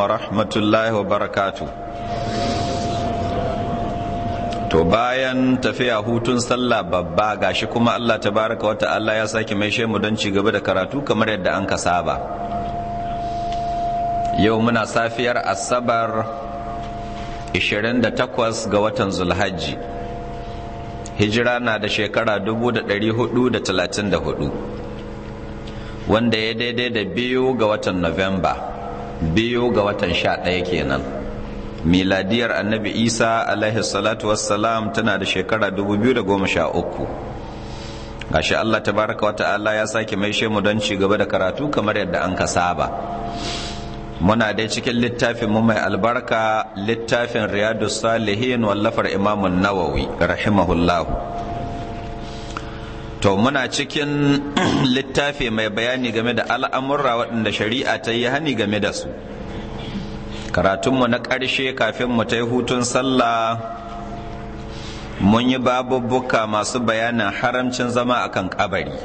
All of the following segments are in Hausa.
wa rahmatullahi wa barakatu to bayan tafiya hutun sallah babba gashi kuma Allah tabaraka wa ta'ala ya sake mai shemu don ci gaba da karatu kamar yadda an ka saba yau muna safiyar asabar 28 ga watan zulhajji hijira na da shekara 434 wanda ya daidai da biyu ga watan november biyu ga watan sha ɗaya kenan miladiyar annabi isa alaihi salatu wassalam tana da shekara uku. gashi allah tabaraka wata allah ya sake mai mu don ci gaba da karatu kamar yadda an ka saba muna dai cikin littafin mu mai albarka littafin riyadu salihin wallafar imamun nawawi rahimahullahu to muna cikin littafi mai bayani game da al'amurra waɗanda shari'a ta yi hani game da su karatunmu na ƙarshe kafin mu ta yi hutun sallah mun yi babubbuka masu bayanin haramcin zama akan kabari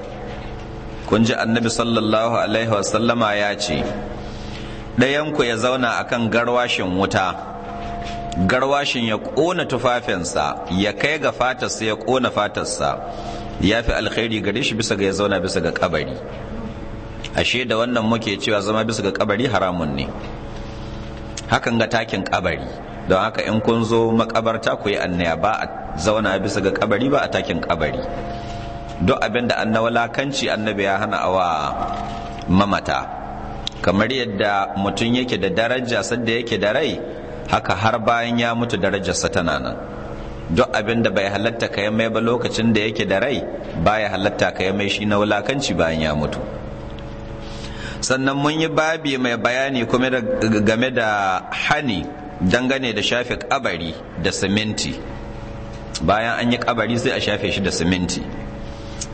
kun ji annabi sallallahu alaihi wasallama ya ce ɗayanku ya zauna akan garwashin wuta garwashin ya ƙona tufafinsa ya kai ga fatarsa ya ƙona fatarsa ya fi alkhairi gare shi bisa ga ya zauna bisa ga kabari ashe da wannan muke cewa zama bisa ga kabari haramun ne hakan ga takin kabari don haka in kun zo makabarta ku yi annaya ba a zauna bisa ga kabari ba a takin kabari duk abin da annawa lakanci annabi ya hana awa mamata kamar yadda mutum yake da daraja sadda yake da rai haka har bayan ya mutu darajarsa tana nan duk abin da bai halatta ka mai ba lokacin da yake da rai baya halatta ka mai shi na wulakanci bayan ya mutu sannan mun yi babi mai bayani kuma game da hani dangane da shafe kabari da siminti bayan an yi kabari sai a shafe shi da siminti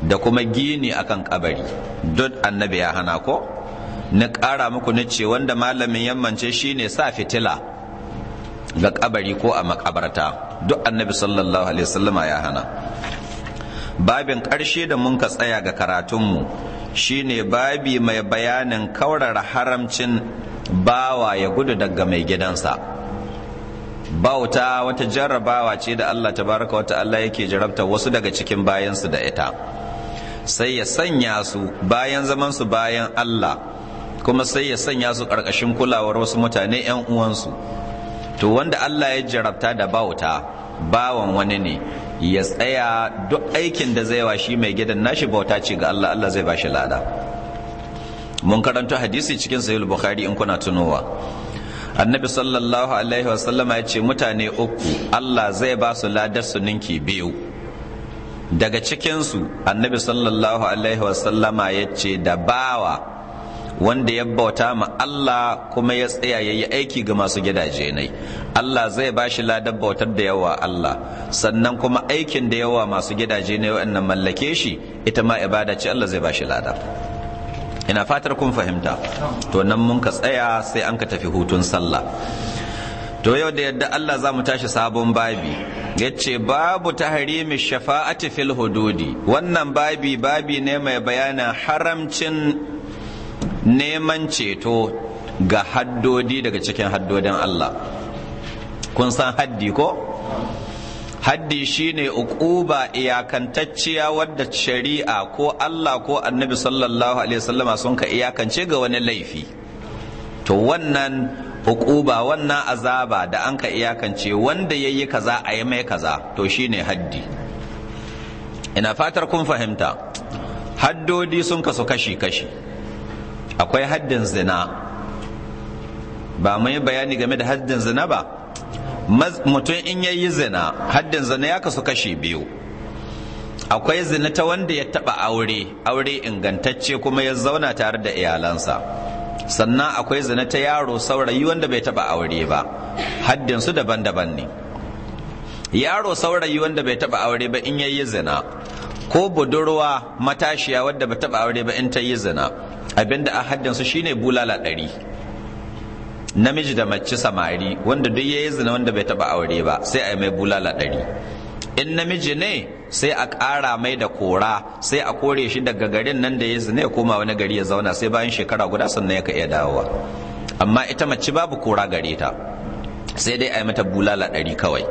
da kuma gini akan kabari duk annabi ya hana ko na ƙara muku na ce wanda malamin yammance shine sa fitila ga kabari ko a makabarta duk annabi sallallahu alaihi wasallam ya hana babin ƙarshe da mun ka tsaya ga karatunmu shine babi mai bayanin kaurara haramcin bawa ya gudu daga mai gidansa bauta wata jarrabawa ce da Allah tabaraka wa ta'ala yake jarabta wasu daga cikin bayansu da ita sai ya sanya su bayan zaman su bayan Allah kuma sai ya sanya su ƙarƙashin kulawar wasu mutane 'yan uwansu to wanda Allah ya jarabta da bauta bawan wani ne ya tsaya duk aikin da zai wa shi mai gidan nashi bauta ce ga Allah Allah zai bashi lada mun karanta hadisi cikin sahih bukhari in kuna tunowa annabi sallallahu alaihi wasallama ya ce mutane uku Allah zai ba su ladar su ninki biyu daga cikin su annabi sallallahu alaihi wasallama ya ce da bawa wanda ya bauta ma Allah kuma ya tsaya ya yi aiki ga masu gidaje ne Allah zai ba shi ladar bautar da yawa Allah sannan kuma aikin da yawa masu gidaje ne wa'annan mallake shi ita ma ibada ce Allah zai ba shi lada ina fatar kun fahimta to nan mun ka tsaya sai an ka tafi hutun sallah to yau da yadda Allah za mu tashi sabon babi yace babu tahrimi shafa'ati fil hududi wannan babi babi ne mai bayanin haramcin neman ceto ga haddodi daga cikin haddodin Allah kun san haddi ko haddi shine uquba iyakantacciya wadda shari'a ko Allah ko annabi sallallahu alaihi wasallama sun ka iyakance ga wani laifi to wannan uquba wannan azaba da an ka iyakance wanda yayi kaza a yi mai kaza to shine haddi ina fatar kun fahimta haddodi sun kasu kashi-kashi akwai haddin zina ba mai bayani game da haddin zina ba mutum in ya yi zina haddin zina ya kasu kashi biyu akwai zina ta wanda ya taba aure aure ingantacce kuma ya zauna tare da iyalansa sannan akwai zina ta yaro saurayi wanda bai taba aure ba haddin su daban-daban ne yaro saurayi wanda bai taba aure ba in yayi zina ko budurwa matashiya wadda ba taba aure ba in ta yi zina Abin abinda a haddansu shine bulala ɗari namiji da mace samari wanda duk ya yi zina wanda bai taba aure ba sai a yi mai bulala ɗari in namiji ne sai a ƙara mai da kora sai a kore shi daga garin nan da ya zina ya koma wani gari ya zauna sai bayan shekara guda sannan ya ka iya dawowa amma ita mace babu kora gare ta sai dai a yi mata bulala ɗari kawai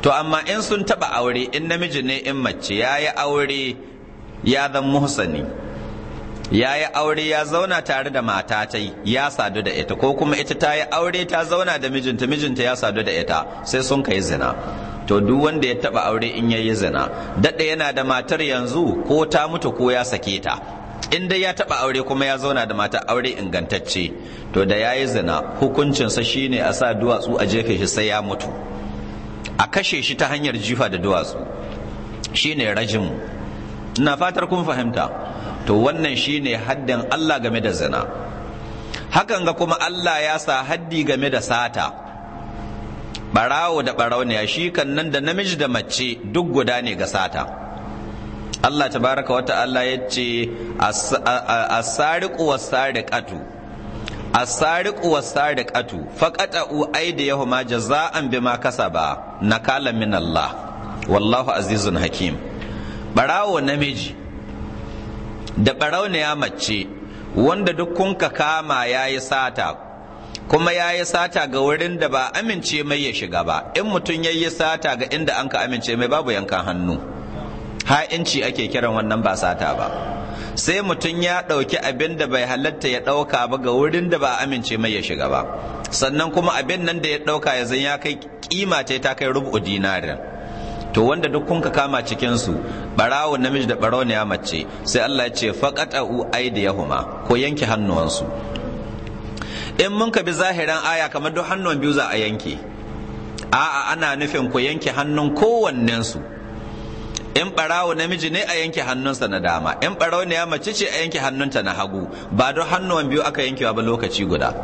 to amma in sun taba aure in namiji ne in mace ya yi aure ya zan muhsani ya yi aure ya zauna tare da mata ta ya sadu da ita ko kuma ita ta yi aure ta zauna da mijinta mijinta ya sadu da ita sai sun kai zina to duk wanda ya taba aure in ya yi zina daɗa yana da matar yanzu ko ta mutu ko ya sake ta in dai ya taba aure kuma ya zauna da mata aure ingantacce to da ya yi zina hukuncinsa shine a sa duwatsu a jefe shi sai ya mutu a kashe shi ta hanyar jifa da duwatsu shine rajin ina fatar kun fahimta to wannan shine haddin Allah game da zina hakan ga kuma Allah ya sa haddi game da sata barawo da barauniya shi kan nan da namiji da mace duk guda ne ga sata Allah tabaraka wata Allah ya ce as-sariqu was-sariqatu as-sariqu was-sariqatu faqata'u aydiyahuma jazaa'an bima kasaba nakala min Allah wallahu azizun hakim barawo namiji da ɓarauniya mace wanda duk kun ka kama ya yi sata kuma ya yi sata ga wurin da ba amince mai ya shiga ba in mutum ya yi sata ga inda an ka amince mai babu yankan hannu ha'inci ake kiran wannan ba sata ba sai mutum ya ɗauki abin da bai halatta ya ɗauka ba ga wurin da ba amince mai ya shiga ba sannan kuma abin nan da ya ɗauka ya ya kai kima ta kai rubu dinarin to wanda duk kun ka kama cikin su barawo namiji da barawo ne mace sai Allah ya ce faqata'u aydiyahuma ko yanke hannuwansu in mun ka bi zahiran aya kamar duk hannuwan biyu za a yanke a'a ana nufin ku yanke hannun kowannensu in barawo namiji ne a yanke hannunsa na dama in barawo ne ya mace ce a yanke hannunta na hagu ba duk hannuwan biyu aka yankewa ba lokaci guda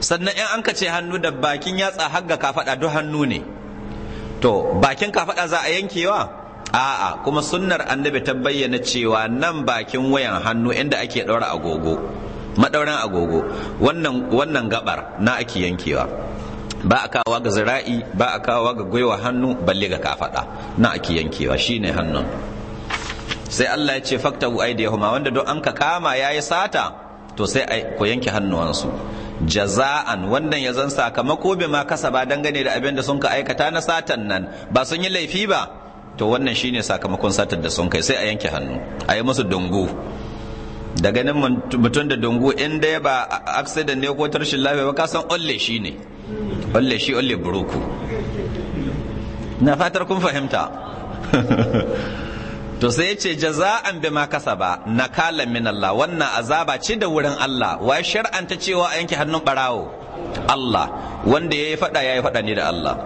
sannan in an ka ce hannu da bakin yatsa har ga kafaɗa duk hannu ne to bakin kafaɗa za a yankewa a'a kuma sunnar annabi ta bayyana cewa nan bakin wayan hannu inda ake ɗaura agogo madauran agogo wannan wannan gabar na ake yankewa ba a kawo ga zira'i ba a kawo ga gwiwa hannu balle ga kafaɗa na ake yankewa shine hannun sai Allah ya ce faktabu aidiyahuma wanda don an ka kama yayi sata to sai ku yanke hannuwansu jaza'an wannan ya zan sakamako bai ma kasa ba dangane da abin da sun ka aikata na satan nan ba sun yi laifi ba to wannan shine sakamakon satan da sun kai sai a yanke hannu a yi musu dungu da ganin mutum da dungu in dai ba accident ne ko tarshin lafiya ba kasan olle shi ne olle shi olle buruku na fatar kun fahimta to sai ya ce jaza'an bi ma kasa ba na kalan min Allah wannan azaba ce da wurin Allah wa shar'anta cewa a yanke hannun barawo Allah wanda ya yi fada yi fada ne da Allah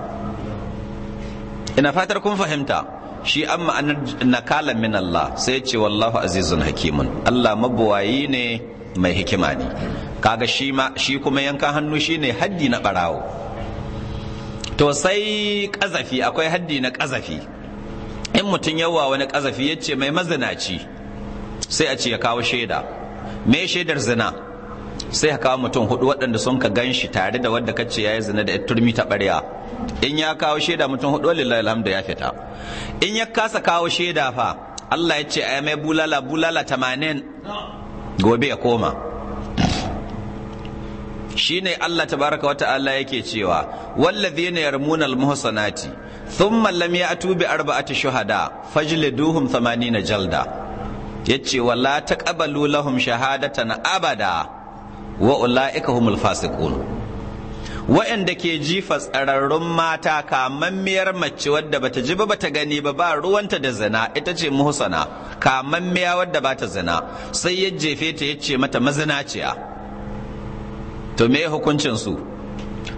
ina fatar kun fahimta shi an ma'anar kalan min Allah sai ce wallahu azizun hakimun Allah mabuwayi ne mai hikima ne kaga shi kuma yankan hannu shi ne haddi na barawo to sai kazafi akwai haddi na kazafi idan mutum yawa wani kazafi ya ce mai mazinaci sai a ce ya kawo shaida me shaidar zina sai ka kawo mutum hudu waɗanda sun ka gan shi tare da wadda kace ya yi zina da turmi ta ɓarya in ya kawo shaida mutum hudu lillahi alhamdu ya fita in ya kasa kawo shaida fa Allah ya ce a mai bulala bulala tamanin gobe ya koma shine Allah tabaraka wata Allah yake cewa wallazina yarmuna muhsanati. thumma lam ya'tu bi arba'ati shuhada fajliduhum 80 jalda yace wala taqabalu lahum shahadatan abada wa ulaika humul fasikun. Waɗanda ke jifa tsararrun mata kamammiyar mace wadda bata ji bata gani ba ba ruwanta da zina ita ce muhsana kamammiya wadda bata zina sai ya jefe ta yace mata mazinaciya to me hukuncin su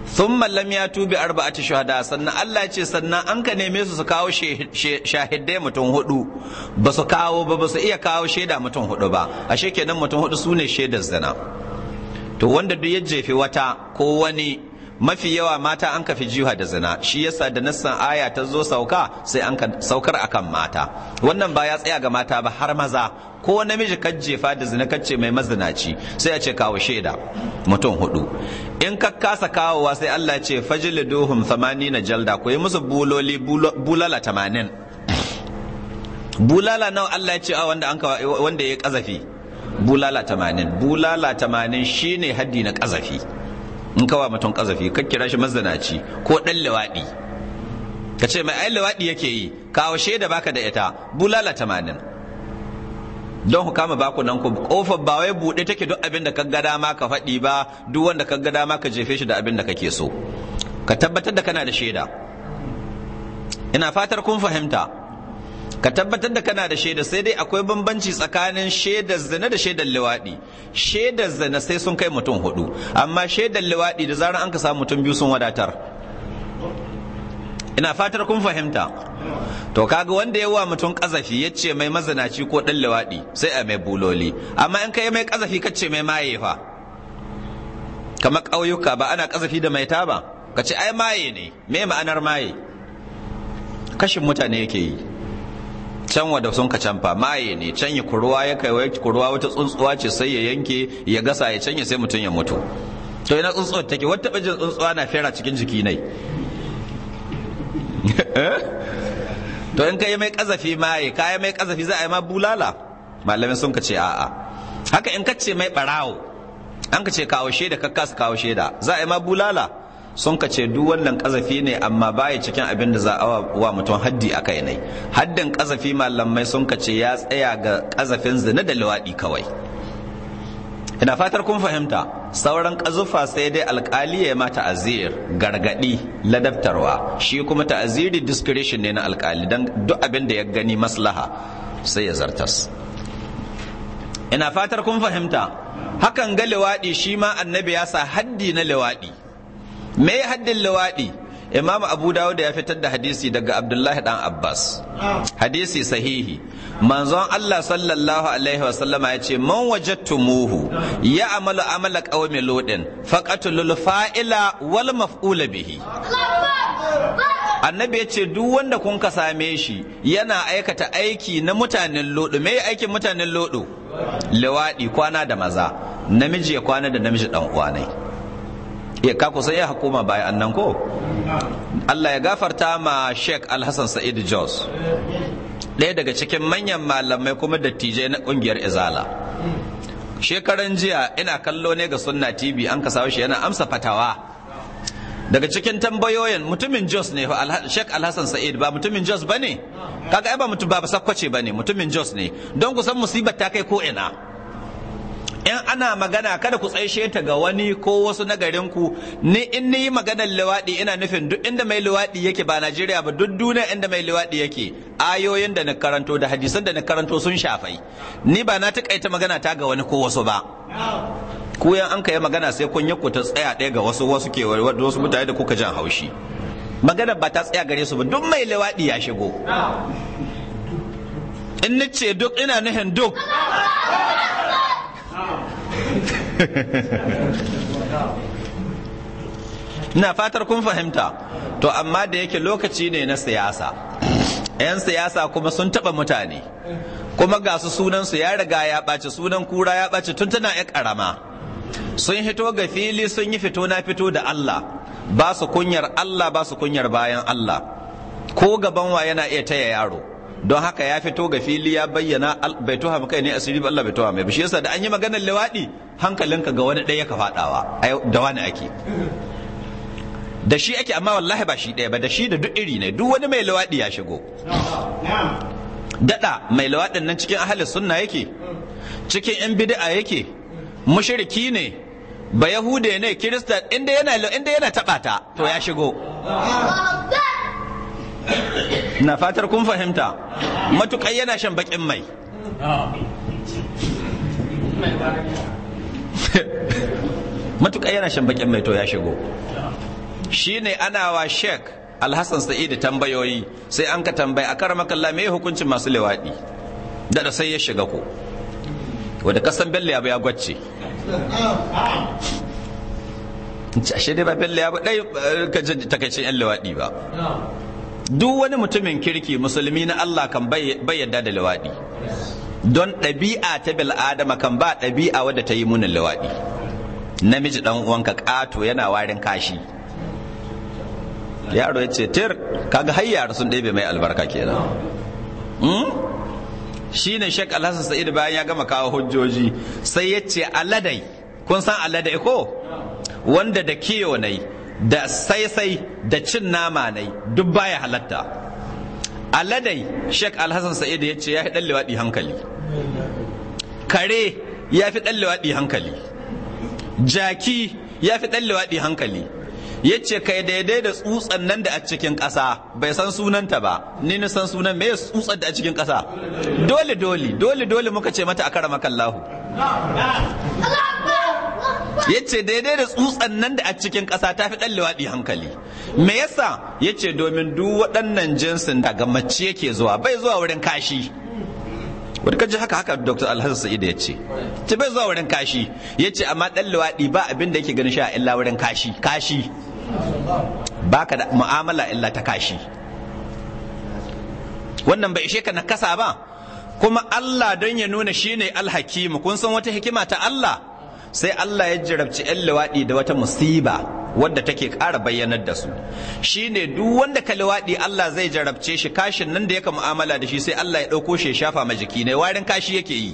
thumma lam tubi arba'a arba'ati shuhada sannan Allah ce sannan an ka neme su su kawo shahidai mutum hudu ba su kawo ba ba su iya kawo shaida mutum hudu ba ashe kenan mutum hudu sune shaidar zina to wanda duk ya jefi wata ko wani mafi yawa mata an kafi jiha da zina shi yasa da nassan aya ta zo sauka sai an saukar akan mata wannan ba ya tsaya ga mata ba har maza ko namiji kan jefa da zina kacce mai mazinaci sai a ce kawo shaida mutum hudu in ka kasa kawowa sai Allah ce fajil duhum na jalda ko yi musu buloli bulala 80 bulala nawa Allah ya ce a wanda an wanda ya kazafi bulala 80 bulala 80 shine haddi na kazafi in kawa mutum kazafi ka kira shi mazanaci ko dan lawadi ka ce mai ai lawadi yake yi kawo shaida baka da ita bulala tamanin don ku kama baku nan ku kofar ba wai buɗe take duk abin da ka ga dama ka faɗi ba duk wanda ka ga dama ka jefe shi da abin da kake so ka tabbatar da kana da shaida ina fatar kun fahimta ka tabbatar da kana da shaida sai dai akwai bambanci tsakanin shaidar zina da shaidar liwaɗi shaidar zina sai sun kai mutum hudu amma shaidar liwaɗi da zarar an ka samu mutum biyu sun wadatar ina fatar kun fahimta to kaga wanda ya wa mutum kazafi ya ce mai mazinaci ko ɗan liwaɗi sai a mai buloli amma in kai mai kazafi ka ce mai maye fa kamar ƙauyuka ba ana kazafi da mai taba ka ce ai maye ne me ma'anar maye kashin mutane yake yi can da sun ka canfa maye ne can ya kuruwa ya kai kuruwa wata tsuntsuwa ce sai ya yanke ya gasa ya canya sai mutum ya mutu to ina tsuntsuwar take wata bajin tsuntsuwa na fera cikin jiki nai eh? to in ka yi mai kazafi maye ka yi mai kazafi za a yi ma bulala malamin sun ka ce a'a haka in ka ce mai barawo an ka ce kawo shaida ka kasa kawo shaida za a yi ma bulala sun ka ce duk wannan kazafi ne amma baya cikin abin da za a wa mutum haddi a kai ne haddin kazafi malamai sun ka ce ya tsaya ga kazafin zina da luwaɗi kawai ina fatar kun fahimta sauran kazufa sai dai alkali ya ma ta'azir gargadi ladabtarwa shi kuma ta'aziri discretion ne na alkali dan duk abin da ya gani maslaha sai ya zartas ina fatar kun fahimta hakan ga liwaɗi shi ma annabi ya sa haddi na liwaɗi me haddin luwaɗi imam abu da ya fitar da hadisi daga abdullahi dan abbas hadisi sahihi manzon allah sallallahu alaihi wasallama ya ce man muhu ya amalu amala qaumi ludin faqatul fa'ila wal maf'ula bihi annabi ya ce duk wanda kun ka same shi yana aikata aiki na mutanen lodo me aikin mutanen lodo lawadi kwana da maza namiji ya kwana da namiji dan uwanai ya ka kusa ya hukuma bayan annan ko Allah ya gafarta ma Sheikh Al-Hassan Sa'id Jos ɗaya daga cikin manyan malamai kuma dattijai na ƙungiyar Izala shekaran jiya ina kallo ne ga Sunna TV an ka shi yana amsa fatawa daga cikin tambayoyin mutumin Jos ne Sheikh Al-Hassan Sa'id ba mutumin Jos bane kaga ai ba mutum ba sakwace bane mutumin Jos ne don kusan musibar ta kai ko ina in ana magana kada ku tsaye ta ga wani ko wasu na ni in ni yi maganar luwaɗi ina nufin duk inda mai luwaɗi yake ba Najeriya ba duk duniya inda mai luwaɗi yake ayoyin da na karanto da hadisan da na karanto sun shafai ni ba na taƙaita magana ta ga wani ko wasu ba ku yan an kai magana sai kun yi ku ta tsaya ɗaya ga wasu wasu ke wasu mutane da kuka jan haushi magana ba ta tsaya gare su ba duk mai luwaɗi ya shigo in ni ce duk ina nufin duk ina fatar kun fahimta to amma da yake lokaci ne na siyasa 'yan siyasa kuma sun taɓa mutane kuma ga su sunansu ya riga ya ɓace, sunan kura ya ɓace tun tana ya karama. sun hito ga fili sun yi fito na fito da Allah ba su kunyar Allah ba su kunyar bayan Allah ko gaban wa yana iya taya yaro don haka ya fito ga fili ya bayyana bai tuha kai ne asiri ba Allah bai tuha mai ba shi yasa da an yi maganar lawadi hankalinka ga wani ɗaya ka faɗawa da wani ake da shi ake amma wallahi ba shi ɗaya ba da shi da duk iri ne duk wani mai lawadi ya shigo dada mai lawadin nan cikin ahli sunna yake cikin yan bid'a yake mushriki ne ba yahude ne kirista inda yana inda yana taɓata to ya shigo na fatar kun fahimta matuƙai yana shan baƙin mai matuƙai yana shan baƙin mai to ya shigo Shi ne ana wa sheik alhassan sa'idu tambayoyi sai an ka tambayi a makalla me hukuncin masu lewaɗi da sai ya shiga ko wadda kasan belle ya ya gwacce ashe dai ba belle ya ba ɗai eh, takaicin yan lewaɗi ba duk wani mutumin kirki musulmi na Allah kan bai yadda da liwaɗi don ɗabi'a ta bil'adama kan ba ɗabi'a wadda ta yi munin lawadi namiji ɗan uwanka ƙato yana warin kashi yaro ya ce tir kaga har yara sun ɗebe mai albarka kenan hmm? shi ne shek alhassan sa'id bayan ya gama kawo hujjoji sai ya ce aladai kun san aladai ko wanda da kiyo na yi da saisai da cin nama ne duk baya halatta aladai Sheikh alhassan sa'id ya ce ya fi waɗi hankali kare ya fi waɗi hankali jaki ya fi waɗi hankali ya ce kai daidai da tsutsan nan da a cikin ƙasa bai san sunanta ba ni ni san sunan me tsutsan da a cikin ƙasa dole dole dole dole muka ce mata a makallahu kallahu yace daidai da tsutsan nan da a cikin ƙasa ta fi ɗan liwaɗi hankali me yasa ce domin duk waɗannan jinsin daga mace yake zuwa bai zuwa wurin kashi wani kaji haka haka dr alhassan sa'id ya ce ce bai zuwa wurin kashi ya ce amma ɗan liwaɗi ba abin da yake ganin sha illa wurin kashi kashi baka da mu'amala illa ta kashi wannan bai ishe ka na kasa ba kuma Allah don ya nuna shine alhakimu kun san wata hikima ta Allah sai Allah ya jarabci 'yan luwaɗi da wata musiba wadda take ƙara bayyanar da su Shi ne duk wanda ka luwaɗi Allah zai jarabce shi kashin nan da yaka mu'amala da shi sai Allah ya ɗauko shi ya shafa ma jiki ne warin kashi yake yi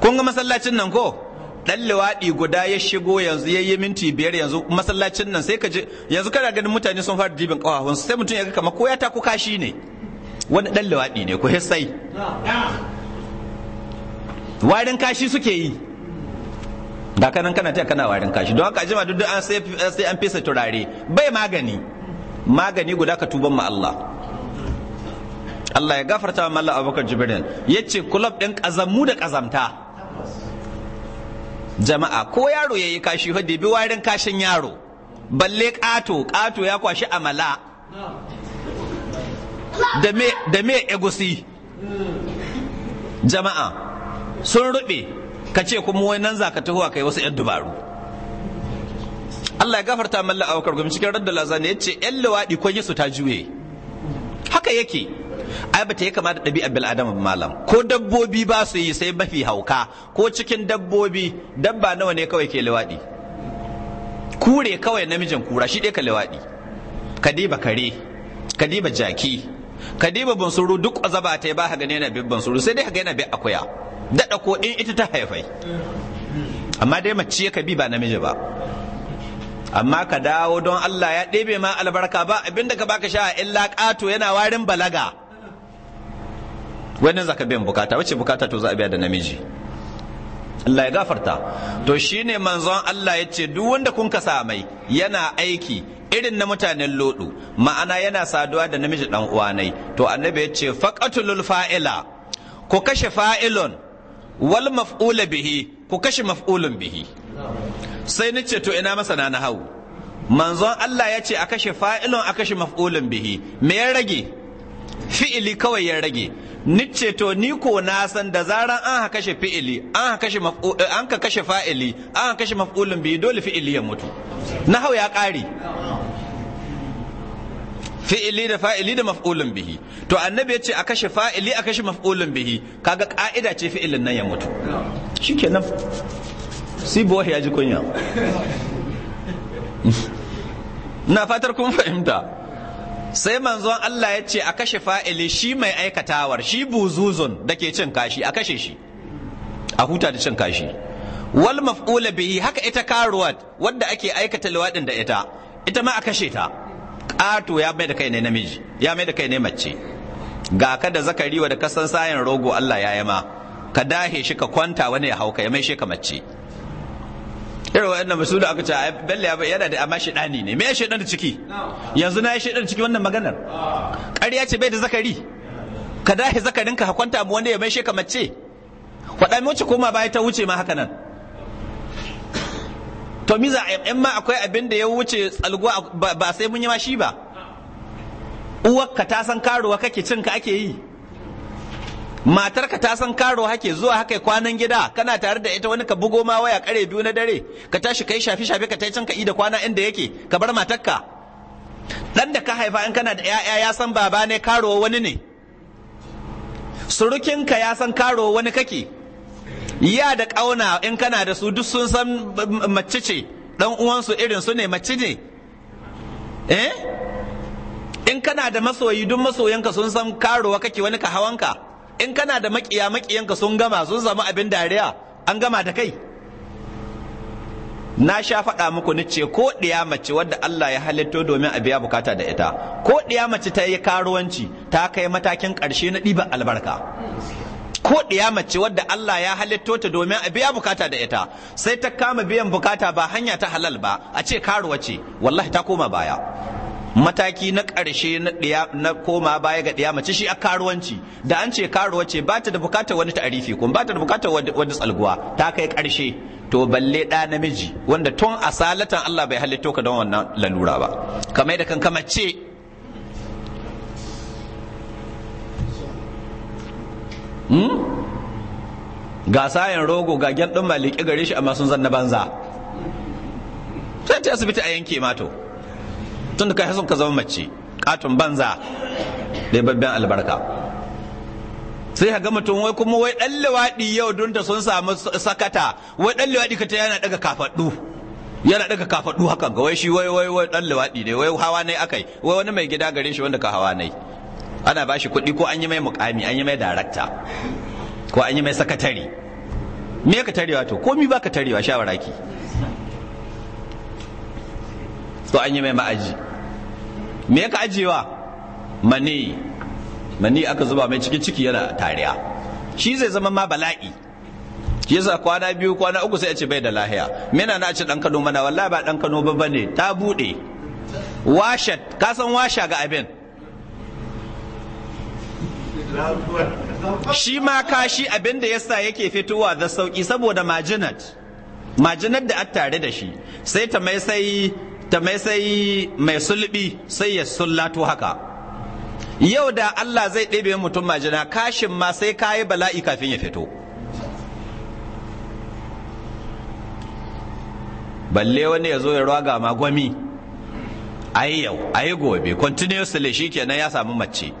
kun ga masallacin nan ko ɗan luwaɗi guda ya shigo yanzu ya yi minti biyar yanzu masallacin nan sai ka je yanzu kana ganin mutane sun fara dibin ƙawahun sai mutum ya ga kamar ko ya ta ku kashi ne wani ɗan luwaɗi ne ko sai warin kashi suke yi da kanan kana ta kana warin kashi don haka jima duk an sai an fesa turare bai magani magani guda ka tuban ma Allah Allah ya gafarta wa Mallam Abubakar Jibril yace club din kazamu da kazamta jama'a ko yaro yayi kashi fa bi warin kashin yaro balle kato kato ya kwashi amala da me da me egusi jama'a sun rube ka ce kuma wai nan za ka taho kai wasu 'yan dubaru Allah ya gafarta malla a gumi cikin radda lazani ya ce 'yan luwaɗi kwanye su ta juye haka yake ai bata yi kamata da ɗabi'a bil adam malam ko dabbobi ba su yi sai mafi hauka ko cikin dabbobi dabba nawa ne kawai ke luwaɗi kure kawai namijin kura shi ɗaya ka luwaɗi kadiba kare kadiba jaki kadiba bunsuru duk zaba ta ba ka gane na bin sai dai ka yana bin akuya daɗa ko in ita ta haifai amma dai mace ka bi ba namiji ba amma ka dawo don Allah ya ɗebe ma albarka ba abinda ka baka sha illa ƙato yana warin balaga wani zaka biyan bukata wacce bukata to za a biya da namiji Allah ya gafarta to shine manzon Allah ya ce duk wanda kun ka mai yana aiki irin na mutanen lodu ma'ana yana saduwa da namiji dan uwanai to annabi ya ce faqatul fa'ila ko kashe fa'ilon. wal maf'ula bihi ku kashe maf'ulun bihi sai ni ce to ina masana na hau manzon Allah ya ce a kashe fa'ilun a kashe maf'ulun bihi me ya rage fi'ili kawai ya rage ni ce to ni ko na san da zaran an ha kashe fi'ili an ha kashe eh, an ka kashe fa'ili an ha kashe maf'ulun bihi dole fi'ili ya mutu na hau ya ƙare fi'ili da fa'ili da maf'ulun bihi to annabi ya ce a kashe fa'ili a kashe maf'ulun bihi kaga ka'ida ce fi'ilin nan ya mutu shikenan bo ya ji kunya na fatar kun fahimta sai manzon Allah ya ce a kashe fa'ili shi mai aikatawar shi buzuzun da ke cin kashi a kashe shi a huta da cin kashi wal maf'ula bihi haka ita karuwat wadda ake aikata luwaɗin da ita ita ma a kashe ta ƙato ya mai da kai ne namiji ya mai da kai ne mace ga ka da zakari da kasan sayan rogo Allah ya yama ka dahe shi ka kwanta wani ya hauka ya mai shi ka mace irin wa'annan musu da aka ce belle yana da amma ɗani ne me ya shedan ciki yanzu na ya shedan ciki wannan maganar ƙarya ce bai da zakari ka dahe zakarin ka kwanta mu wanda ya mai shi ka mace faɗa mace koma baya ta wuce ma haka nan to miza in ma akwai abin da ya wuce tsalguwa ba sai mun yi mashi shi ba uwarka ta san karuwa kake cin ka ake yi matarka ta san karuwa hake zuwa haka kwanan gida kana tare da ita wani ka bugo ma waya kare biyu na dare ka tashi kai shafi shafi ka tai cin ka da kwana inda yake ka bar matarka dan da ka haifa in kana da yaya ya san baba ne karuwa wani ne surukinka ya san karuwa wani kake ya da ƙauna in kana da su duk sun san mace ce ɗan uwansu irin su ne mace ne eh? in kana da masoyi duk masoyanka sun san karuwa kake wani ka hawanka in kana da makiya makiyanka sun gama sun samu abin dariya an gama da kai na sha faɗa muku ni ce ko ɗiya mace wadda Allah ya halitto domin a biya bukata da ita ko ɗiya mace ta yi karuwanci ta kai matakin ƙarshe na ɗiban albarka ko ɗiya mace wadda Allah ya halitto ta domin a biya bukata da ita sai ta kama biyan bukata ba hanya ta halal ba a ce karuwa ce wallahi ta koma baya mataki na ƙarshe na koma baya ga ɗiya mace shi a karuwanci da an ce karuwa ce ba ta da bukatar wani ta'arifi kuma ba ta da bukatar wani tsalguwa ta kai ƙarshe to balle ɗa namiji wanda tun asalatan Allah bai halitto ka don wannan lalura ba kamar da kan kama ce Hmm? ga sayan rogo ga gyaddun maliki gare shi amma sun zanna banza sai ta asibiti a yanke mato tun da kai sun ka zama mace katon banza da babban albarka sai ga mutum wai kuma wai dan liwaɗi yau don ta sun samu sakata wai dan liwaɗi ka ta yana daga kafaddu yana daga kafaddu hakan ga wai shi wai wai wai dan liwaɗi ne wai hawa ne akai wai wani mai gida gare shi wanda ka hawa ne ana ba shi kuɗi ko an yi mai mukami an yi mai darakta ko an yi mai sakatare me ka tarewa to komi ba ka tarewa shawara ki to an yi mai ma'aji me ka ajiyewa mani mani aka zuba mai cikin ciki yana tariya shi zai zama ma bala'i yasa kwana biyu kwana uku sai a ce bai da lahiya mena na ci dan Kano mana wallahi ba dan Kano ba bane ta bude washat kasan washa ga abin shi ma kashi abin da yasa yake fitowa da sauki saboda majinat majinar da an tare da shi sai ta mai sai ta mai sai mai sulbi sai ya sullato haka yau da Allah zai ɗebe mutum majina kashin ma sai kayi bala'i kafin ya fito balle wani ya zo ya raga magwami a yau a gobe continuously shi kenan ya samu mace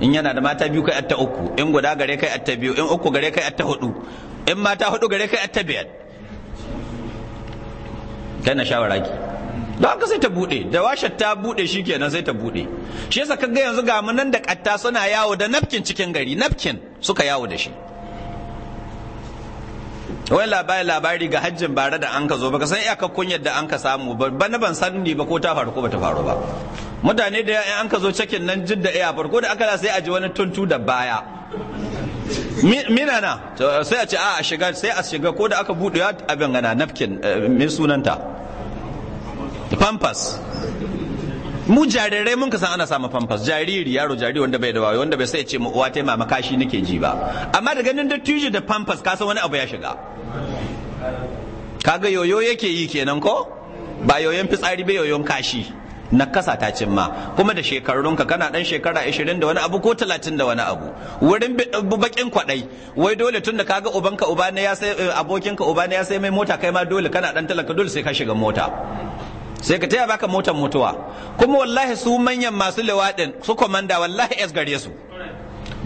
in yana da mata biyu kai atta uku in guda gare kai atta biyu in uku gare kai atta hudu in mata hudu gare kai atta biyar kana shawara ki don haka sai ta bude da washar ta bude shikenan sai ta bude shi yasa kaga yanzu ga mu nan da katta suna yawo da napkin cikin gari napkin suka yawo da shi wai labari labari ga hajjin bare da an ka zo baka san iyakar kunyar da an ka samu ba na ban sanni ba ko ta faru ko ba ta faru ba mutane da yan an ka zo cikin nan jidda airport ko da aka sai a ji wani tuntu da baya Minana sai a ce a shiga sai a shiga ko da aka buɗe ya abin gana napkin eh, mai sunanta pampas mu jarirai mun kasan ana samu pampas jariri yaro jariri wanda bai da wayo wanda bai sai ce mu uwa taima makashi nake ji ba amma da ganin tuji da pampas ka san wani abu ya shiga kaga yoyo yake yi kenan ko ba yoyon fitsari ba yoyon kashi Na kasa ta cimma kuma da shekarunka kana dan shekara 20 da wani abu ko 30 da wani abu wurin bakin kwadai wai dole tunda kaga ubanka uba ne ya sai eh, abokinka uba ne ya sai mai mota kai ma dole kana dan talaka dole sai ka shiga mota sai ka taya baka motar mutuwa kuma wallahi su manyan masu lewadin su komanda wallahi es gare su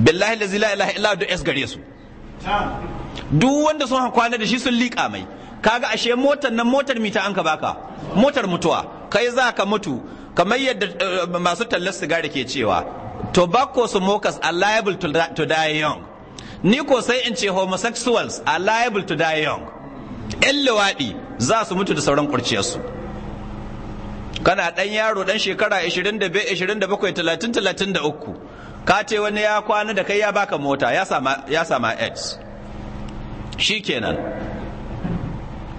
billahi la ilaha illa du es gare su duk wanda sun kwana da shi sun liƙa mai kaga ashe motar nan motar mita an ka baka motar mutuwa kai za ka mutu kamar yadda eh, masu tallar sigari ke cewa tobacco smokers are liable to die young ni ko sai in ce homosexuals are liable to die young yan luwaɗi za su mutu da sauran kurciyarsu kana ɗan yaro ɗan shekara 27 30 33 ka ce wani ya kwana da kai ya baka mota ya sama aids shi kenan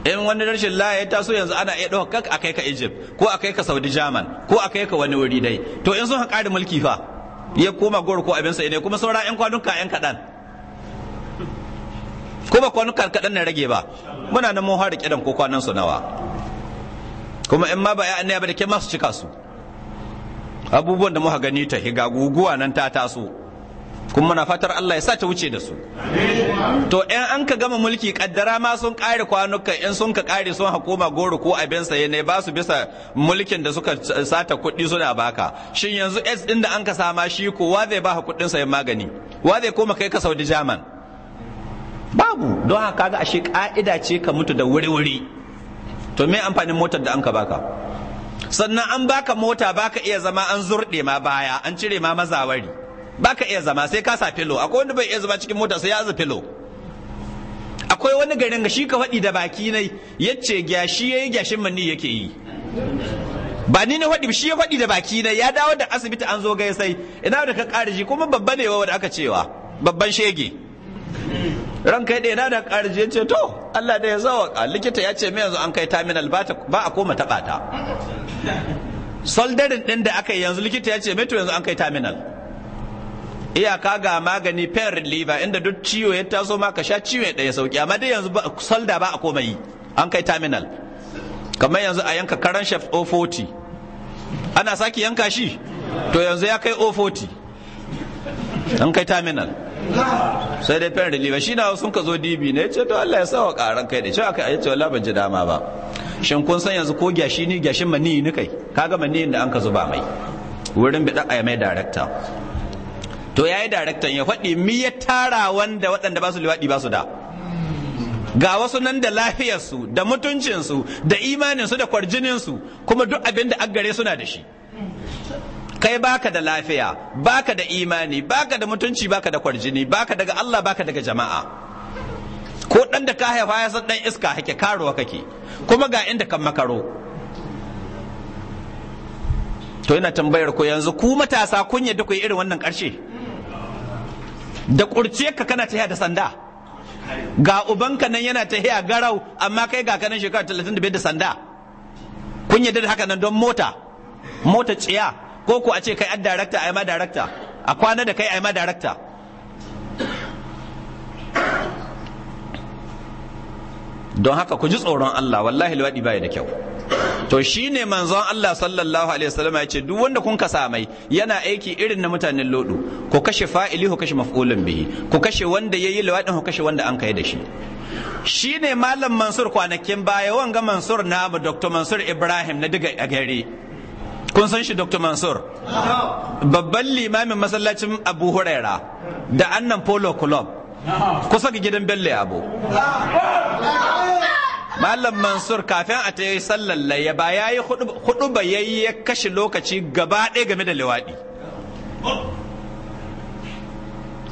in wani rashin laya ya taso yanzu ana iya ɗaukar a kai ka egypt ko a kai ka saudi german ko a kai ka wani wuri dai to in sun haƙari mulki fa ya koma goro ko abin sa ne kuma saura yan kwanuka yan kaɗan kuma kwanuka kaɗan na rage ba muna nan mun fara kiɗan ko kwanan su nawa kuma in ma ba ya annaya ba da ke masu cika su abubuwan da muka gani ta higa guguwa nan ta taso kuma muna fatar Allah ya sa ta wuce da su to yan an ka gama mulki kaddara ma sun ƙare kwanuka in sun ka ƙare sun hakoma goro ko abin saye ne ba su bisa mulkin da suka sata kuɗi suna baka shin yanzu S ɗin da an ka sama shi ko wa zai ba kuɗin sayan magani wa zai koma kai ka Saudi Jaman babu don haka ga ashe ka'ida ce ka mutu da wuri-wuri to me amfanin motar da an ka baka sannan an baka mota baka iya zama an zurɗe ma baya an cire ma mazawari baka iya zama sai ka sa filo akwai wanda bai iya zama cikin mota sai ya aza filo akwai wani garin shi ka faɗi da baki nai yace gyashi yayi gyashin manni yake yi ba ni ne faɗi shi ya faɗi da baki nai ya dawo da asibiti an zo gaisai ina da ka ƙarji kuma babba ne wanda aka cewa babban shege ran kai yana da ƙarji ya ce to Allah da ya a likita ya ce mai yanzu an kai terminal ba a koma taɓa ta soldarin ɗin da aka yi yanzu likita ya ce mai to yanzu an kai terminal iyaka ga magani pain reliever inda duk ciwo ya taso ma ka sha ciwo ya ɗaya sauki amma dai yanzu solda ba a komai an kai terminal kamar yanzu a yanka karan O 40 ana sake yanka shi to yanzu ya kai O o40 an kai terminal sai dai pain reliever shi na sun ka zo dibi ne ce to Allah ya sa wa karan kai ne ce aka yi cewa ban ji dama ba shin kun san yanzu ko gyashi ni gyashin mani ni kai kaga mani da an ka zuba mai wurin bida a mai director to ya yi daraktan ya faɗi mi ya tara wanda waɗanda ba su liwaɗi ba su da ga wasu nan da lafiyarsu da mutuncinsu da imaninsu da kwarjininsu kuma duk abin da aggare suna da shi kai baka da lafiya baka da imani baka da mutunci baka da kwarjini baka daga Allah baka daga jama'a ko dan da ka haifa ya san dan iska hake karuwa kake kuma ga inda kan makaro to yana tambayar ku yanzu ku matasa kun yadda ku irin wannan karshe da ka kana tahiya da sanda ga ubanka nan yana tahiya garau amma kai ga kanan shekara talatin da da sanda kun yadda da haka nan don mota mota tsiya ko ku a ce kai an darakta a ma darakta a kwana da kai a ma darakta don haka ku ji tsoron Allah wallahi luwaɗi baya da kyau to shine manzon Allah sallallahu alaihi wasallam ya ce duk wanda kun ka samai yana aiki irin na mutanen lodu ko kashe fa'ili ko kashe maf'ulun bihi ko kashe wanda yayi lawadin ko kashe wanda an kai da shi Shi ne malam Mansur kwanakin baya wanga Mansur na Dr. Mansur Ibrahim na diga a gari kun san shi Dr. Mansur babban limamin masallacin Abu Huraira da annan Polo Club kusa ga gidan Bello Yabo Malam Mansur kafin a ta yi sallar layyaba ya yi hudu ba ya kashe lokaci gaba ɗaya game da liwaɗi.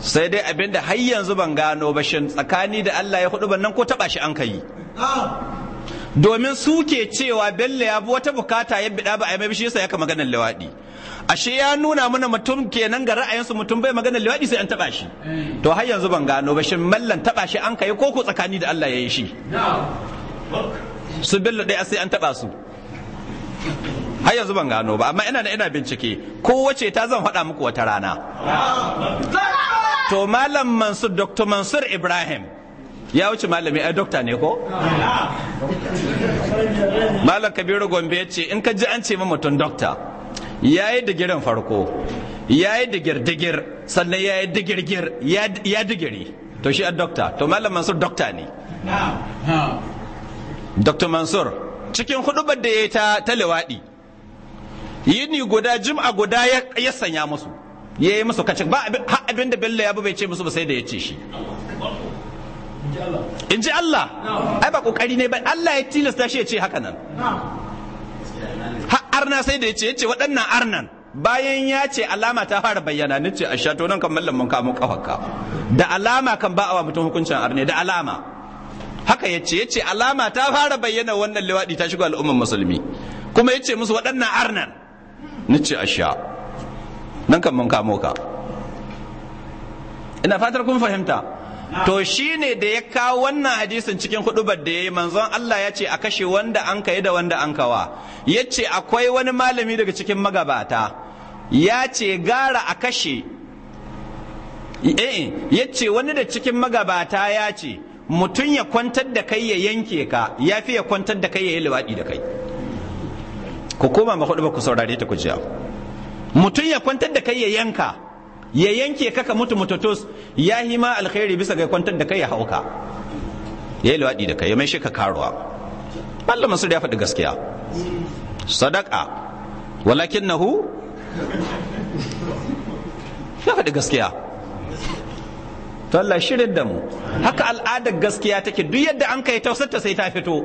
Sai dai abinda har yanzu ban gano ba shin tsakani da Allah ya hudu nan ko taɓa shi an kai. Domin suke cewa Bello ya bi wata bukata ya biɗa ba a yi bishiyar yasa ya ka maganar liwaɗi. Ashe ya nuna mana mutum kenan ga ra'ayinsu mutum bai maganar liwaɗi sai an taɓa shi. To har yanzu ban gano ba shin mallan taɓa shi an kai ko ko tsakani da Allah ya yi shi. Su bello ɗaya sai an taɓa su har yanzu ban gano ba amma ina da ina bincike ko wace ta zan faɗa muku wata rana to malam mansur dr mansur ibrahim ya wuce malami ai dokta ne ko malam kabiru gombe ya ce in ka ji an ce ma mutum dokta ya yi digirin farko ya yi digir-digir sannan ya yi digirgir ya digiri to shi a dokta to malam mansur dokta ne dr mansur cikin hudubar da ya ta talawaɗi yini guda jim'a guda ya sanya musu ya yi musu kacin ba abin bello ya bai ce musu ba sai da ya ce shi in ji Allah ai ba kokari ne ba Allah ya tilasta shi ya ce haka nan har arna sai da ya ce ya ce waɗannan arnan bayan ya ce alama ta fara bayyana ni ce a shato nan kan mallan mun kamo da alama kan ba a wa mutum hukuncin arne da alama haka ya ce yace alama ta fara bayyana wannan liwadi ta shigo al'umman musulmi kuma yace musu waɗannan arnan nace asha nan kan mun kamo ka ina fatar kun fahimta to shine da ya kawo wannan hadisin cikin hudubar da ya yi manzon Allah ya ce a kashe wanda an kai da wanda an kawa ya ce akwai wani malami daga cikin magabata ya ce gara a kashe eh, eh, ya ce wani da cikin magabata ya ce mutum ya kwantar da kai ya yanke ka ya fi ya kwantar da kai ya yi liwaɗi da kai ku koma ma hudu ba ku saurare ta ku jiya mutum ya kwantar da kai ya yanka ya yanke ka ka mutu mutotos ya hi ma alkhairi bisa ga kwantar da kai ya hauka ya yi liwaɗi da kai ya mai shi ka karuwa Allah Mansur ya faɗi gaskiya sadaka walakin nahu ya faɗi gaskiya to Allah shirin da mu haka al'adar gaskiya take duk yadda an kai tausarta sai ta fito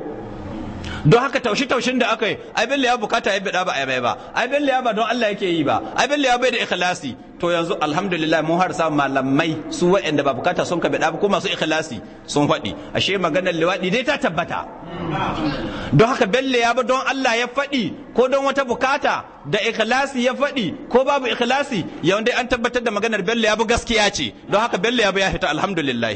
don haka taushe taushin da aka yi ai bello ya bukata ya bada ba ai bai ba ai bello ya ba don Allah yake yi ba ai bello ya bai da ikhlasi to yanzu alhamdulillah mun har sa malamai su waɗanda ba bukata sun ka bada ba ko masu ikhlasi sun faɗi ashe maganar liwadi dai ta tabbata don haka bello ya ba don Allah ya faɗi ko don wata bukata da ikhlasi ya faɗi ko babu ikhlasi yau dai an tabbatar da maganar bello ya ba gaskiya ce don haka bello ya ba ya fita alhamdulillah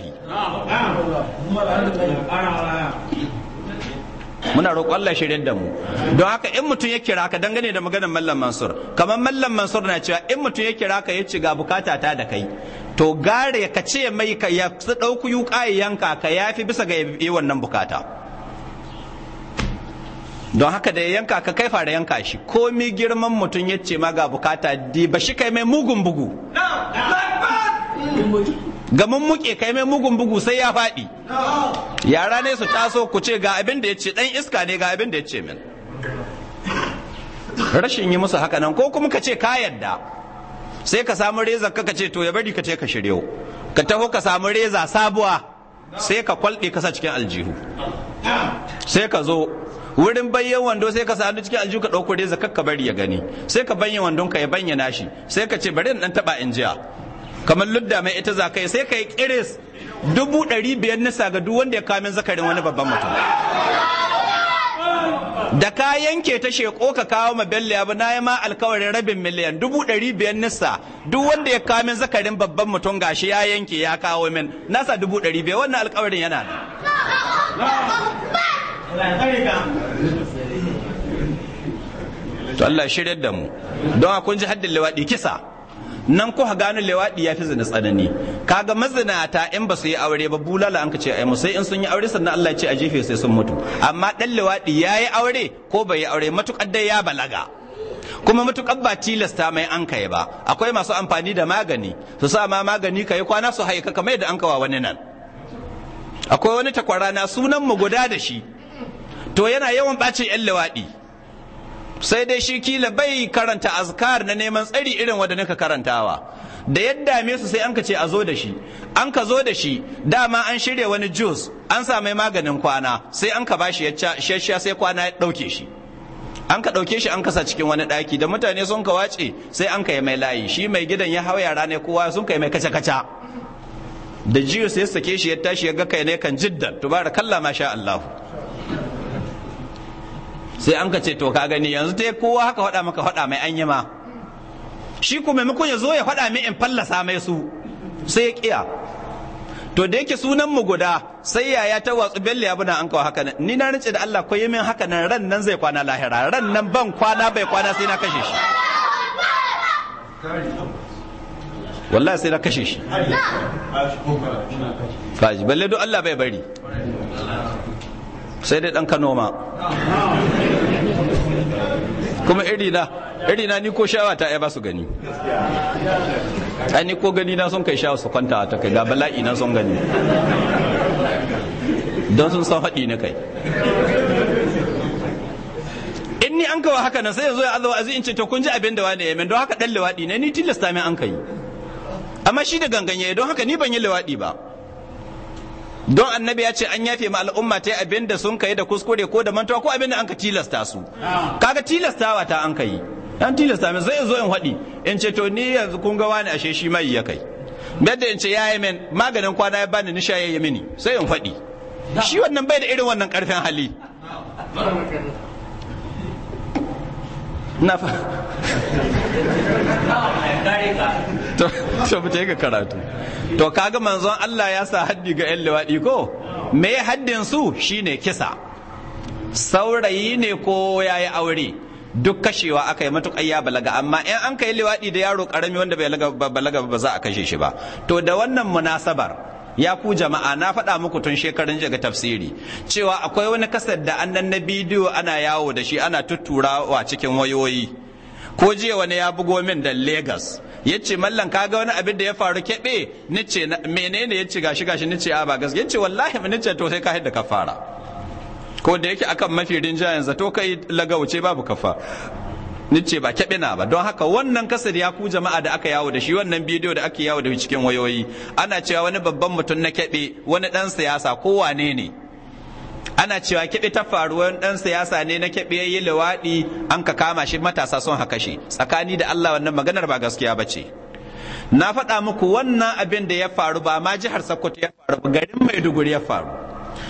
muna roƙon Allah shirin da mu don haka in mutum ya kira ka dangane da maganar mallam mansur kamar mallam mansur na cewa in mutum ya kira ka ya ce ga bukata ta da kai to gare ka ce mai ka ya ɗauku yuƙa ya yanka ka ya fi bisa ga yi wannan bukata don haka da ya yanka ka kai fara yanka shi komi girman mutum ya ce ma ga bukata di ba shi kai mai mugun bugu ga mummuke kai mai mugun bugu sai ya faɗi yara ne su taso ku ce ga abin da ya ce ɗan iska ne ga abin da ya ce min rashin yi musu haka nan ko kuma ka ce ka yadda sai ka samu reza ka ce to ya bari ka ce ka shiryo ka taho ka samu reza sabuwa sai ka kwalɗe kasa cikin aljihu sai ka zo wurin bayyan wando sai ka sadu cikin aljihu ka ɗauko reza kakka bari ya gani sai ka banyan wandon ka ya bayyana shi sai ka ce bari in ɗan taɓa in jiya kamar ludda mai ita za ka yi sai ka yi kiris dubu ɗari biyar nisa ga duk wanda ya kamin zakarin wani babban mutum da ka yanke ta sheko ka kawo ma bello abu na yi ma alkawarin rabin miliyan dubu ɗari biyar nisa duk wanda ya kamin zakarin babban mutum gashi ya yanke ya kawo min nasa dubu ɗari biyar wannan alkawarin yana da. to Allah shirya da mu don a kun ji haddin lewaɗi kisa nan ko gano lewaɗi ya fi zina tsanani kaga mazinata in ba su yi aure ba bulala an ka ce ai sai in sun yi aure sannan Allah ce a jefe sai sun mutu amma ɗan lewaɗi ya yi aure ko bai yi aure matuƙar dai ya balaga kuma matuƙar ba tilasta mai an kai ba akwai masu amfani da magani su sa ma magani ka yi kwana su haika kamar yadda an kawa wani nan akwai wani takwara na sunan mu guda da shi to yana yawan bacin yan lewaɗi sai dai shi kila bai karanta azkar na neman tsari irin wanda nika karantawa da yadda me su sai an ka ce a zo da shi an ka zo da shi dama an shirya wani juice an sa maganin kwana sai an ka bashi ya sha sai kwana ya dauke shi an ka dauke shi an kasa cikin wani daki, da mutane sun ka wace sai an ka yi mai layi shi mai gidan ya hawa yara ne kowa sun ka yi mai kaca-kaca da jiyo sai sake shi ya tashi ya ga kai ne kan jiddan tubarakallah masha Allah sai an ka ce to ka gani yanzu yi kowa haka faɗa maka faɗa mai an ma shi ku maimakon ya zo ya faɗa mai in fallasa mai su sai ya kiya to da yake sunan mu guda sai yaya ta watsu bello ya buna an kawo haka nan ni na rince da Allah ko min haka nan ran nan zai kwana lahira ran nan ban kwana bai kwana sai na kashe shi wallahi sai na kashe shi kaji balle don Allah bai bari sai dai dan ka noma kuma irina irina ni ko shawa ta ba su gani a ni ko gani na sun kai shawa su kwanta ta kai ga bala'i na sun gani don sun san haɗi na kai in ni an kawo haka nan sai yanzu ya azawa azu in ce to kun ji abin da wani ya don haka ɗan lewaɗi ne ni tilasta min an kai amma shi da gangan don haka ni ban yi lewaɗi ba don annabi ya ce an yafe ma al'umma ta abin da sun kai da kuskure ko da mantuwa ko abin da an ka tilasta su kaga tilastawa ta an kai an tilasta min zai zo in haɗi in ce to ni yanzu kun ga wani ashe shi mai ya kai bedda in ce yi min maganin kwana ya bani nisha ya mini sai in faɗi shi wannan bai da irin wannan karfin hali na fa to mu ga karatu to kaga manzon Allah ya sa haddi ga yan liwaɗi ko me haddin su shine kisa saurayi ne ko yayi aure duk kashewa aka yi matuƙar ya balaga amma in an kai liwaɗi da yaro karami wanda bai balaga ba za a kashe shi ba to da wannan munasabar ya ku jama'a na faɗa muku tun shekarun jiya tafsiri cewa akwai wani kasar da annan na bidiyo ana yawo da shi ana tutturawa cikin wayoyi ko jiya wani ya bugo min da Legas yace mallan kaga wani abin da ya faru ni ce menene yace gashi gashi ce a ba gaskiya yace wallahi ce to sai ka ka fara. ko da yake akan mafi rinjayen zato kai lagauce babu kafa ce ba keɓe na ba don haka wannan kasar ya ku jama'a da aka yawo da shi wannan bidiyo da ake yawo da cikin wayoyi ana cewa wani babban mutum na kyaɓe wani dan siyasa ko wane ne ana cewa kiɗi ta faruwar ɗan siyasa ne na kiɗi ya yi luwaɗi an ka kama shi matasa son haka shi tsakani da Allah wannan maganar ba gaskiya ba ce na faɗa muku wannan abin da ya faru ba ma jihar Sokoto ya faru ba garin Maiduguri ya faru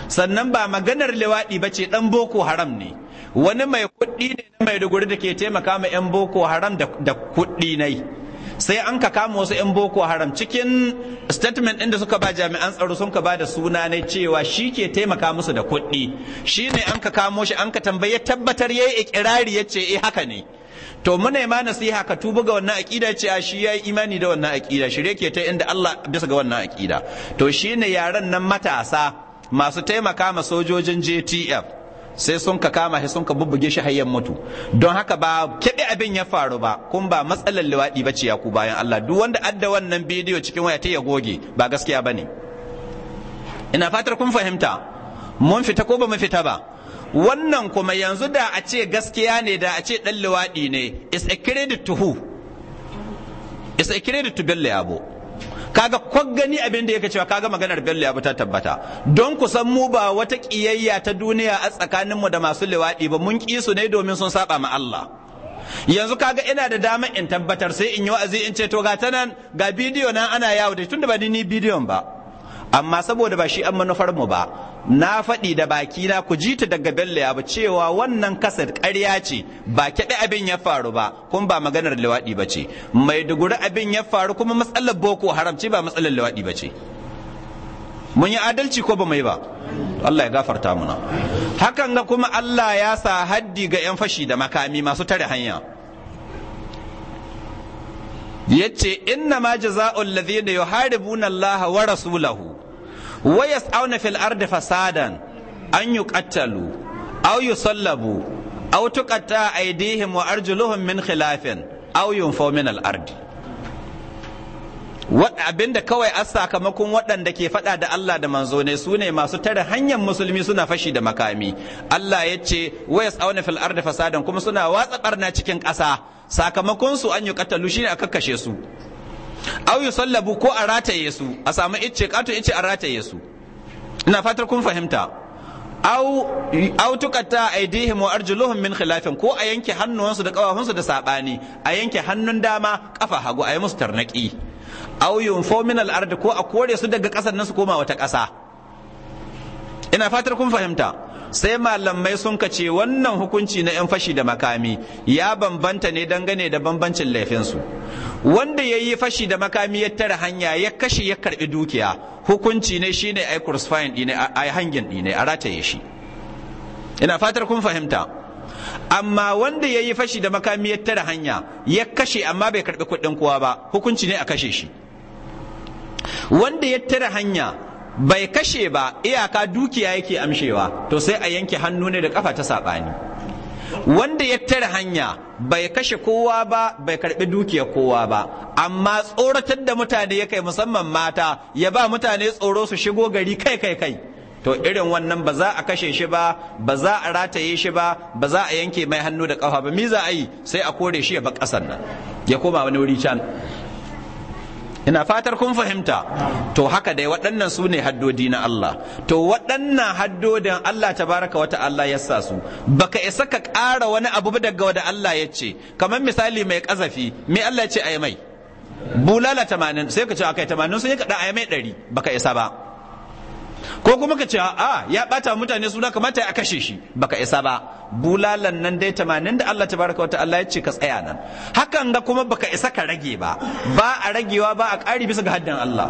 sannan ba maganar lawaɗi ba ce ɗan Boko Haram ne wani mai kuɗi ne na Maiduguri da ke taimaka ma 'yan Boko Haram da kuɗi nai sai an ka kama wasu 'yan boko haram cikin statement ɗin da suka ba jami'an tsaro sun ka ba da suna ne cewa shi ke taimaka musu da kuɗi shi ne an ka kamo shi an ka tambaye tabbatar ya yi ikirari ya ce eh haka ne to mu ma nasiha ka tuba ga wannan aƙida ce a ah, shi ya yi imani da wannan aƙida shirye ke ta inda Allah bisa ga wannan aƙida to shi ne yaren nan matasa masu taimaka ma sojojin JTF sai sun ka kama shi sun ka bubbuge shi hayyan mutu don haka ba kebe abin ya faru ba kun ba matsalar liwaɗi ba ce ya ku bayan Allah duk wanda adda wannan bidiyo cikin waya ta ya goge ba gaskiya ba ne ina fatar kun fahimta mun fita ko ba mu fita ba wannan kuma yanzu da a ce gaskiya ne da a ce ɗan luwaɗi ne is a credit to who is a credit to bello yabo kaga kwaggani abin da yake cewa kaga maganar bello ya ta tabbata don ku san mu ba wata kiyayya ta duniya a tsakaninmu da masu liwaɗi ba mun ki su ne domin sun saba ma Allah yanzu kaga ina da dama in tabbatar sai in yi wa'azi in ce to ga ta nan ga bidiyo nan ana yawo da tunda ba ni bidiyon ba amma saboda ba shi an manufar mu ba na faɗi da baki na ku ji ta daga bello ya ba cewa wannan kasar ƙarya ce ba kyaɗe abin ya faru ba kuma ba maganar lewaɗi ba ce mai duguri abin ya faru kuma matsalar boko haramci ba matsalar lewaɗi ba ce mun yi adalci ko ba mai ba Allah ya gafarta muna hakan ga kuma Allah ya sa haddi ga 'yan fashi da makami masu tare hanya yace inna ma jazaa'ul ladhina yuharibuna Allah wa rasulahu wa auna fil ardi fasadan an yuqattalu aw yusallabu aw tuqatta aydihim wa arjuluhum min khilafin aw yunfaw min al ardi abinda kawai a sakamakon waɗanda ke faɗa da Allah da manzo ne su ne masu tare hanyar musulmi suna fashi da makami Allah ya ce wayas auna fil ardi fasadan kuma suna watsa barna cikin ƙasa sakamakon su an yi katalu shine a kakkashe su yi sallabu ko a rataye su a samu icce kato icce a rataye su ina fatar kun fahimta au tukata tuqatta wa arjuluhum min khilafin ko a yanke hannuwansu da kafafunsu da sabani a yanke hannun dama kafa hagu a yi musu tarnaki aw yunfo min al ko a kore su daga kasar nan su koma wata kasa ina fatar kun fahimta sai malamai sun ka ce wannan hukunci na 'yan fashi da makami ya bambanta ne dangane da bambancin laifinsu wanda ya yi fashi da makami ya tara hanya ya kashe ya karbi dukiya hukunci ne shi ne ai hangin ɗine a rataye shi ina fatar kun fahimta amma wanda ya yi fashi da makami ya tara hanya ya kashe amma bai karbi kuɗin kowa ba hukunci ne a kashe shi wanda ya tara hanya bai kashe ba iyaka dukiya yake amshewa to sai a yanke hannu ne da kafa ta saɓani wanda ya tare hanya bai kashe kowa ba bai karbi dukiyar kowa ba amma tsoratar da mutane ya kai musamman mata ya ba mutane tsoro su shigo gari kai kai kai to irin wannan ba za a kashe shi ba ba za a rataye shi ba ba za a yanke mai hannu da kafa ba mi za a yi sai a kore shi ya bar ƙasar nan ya koma wani wuri can ina fatar kun fahimta to haka dai waɗannan su ne haddodi na Allah to waɗannan haddodin Allah tabaraka wa ta'ala ya sa su baka isa ka ƙara wani abu daga wanda Allah ya ce kamar misali mai ƙazafi me Allah ya ce ayi mai bulala tamanin sai ka ce akai tamanin sai ka da ayi mai ɗari baka isa ba ko kuma ka ce a ya ɓata mutane suna kamata a kashe shi baka isa ba bulalan nan dai tamanin da Allah tabaraka wata Allah ya ce ka tsaya nan hakan ga kuma baka isa ka rage ba ba a ragewa ba a ƙari bisa ga haddin Allah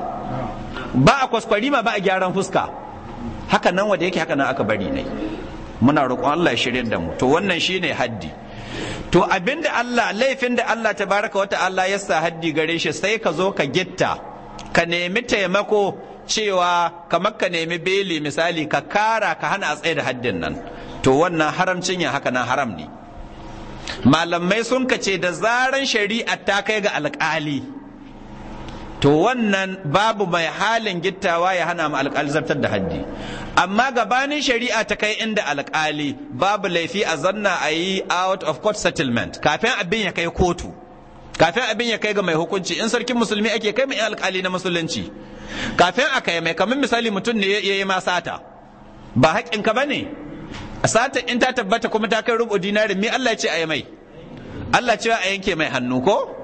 ba a ma ba a gyaran fuska haka nan wanda yake haka nan aka bari ne muna roƙon Allah ya shirye da mu to wannan shine haddi to abinda Allah laifin da Allah tabaraka wata Allah ya sa haddi gare shi sai ka zo ka gitta ka nemi taimako cewa kamar ka nemi beli misali ka kara ka hana a tsaye da haddin nan to wannan haramcin ya haka na haram ne malamai sun kace da zaran shari'a ta kai ga alƙali to wannan babu mai halin gittawa ya hana mu alƙali zartar da haddi amma gabanin shari'a ta kai inda alƙali babu laifi a zanna a yi out of court settlement kafin abin ya kai kotu kafin abin ya kai ga mai hukunci in sarkin musulmi ake kai mai alƙali na musulunci kafin a kai mai kamar misali mutum ne ya yi masata ba haƙƙinka ba ne a sata in ta tabbata kuma ta kai rubu dinari me Allah ce a yi mai Allah ce a yanke mai hannu ko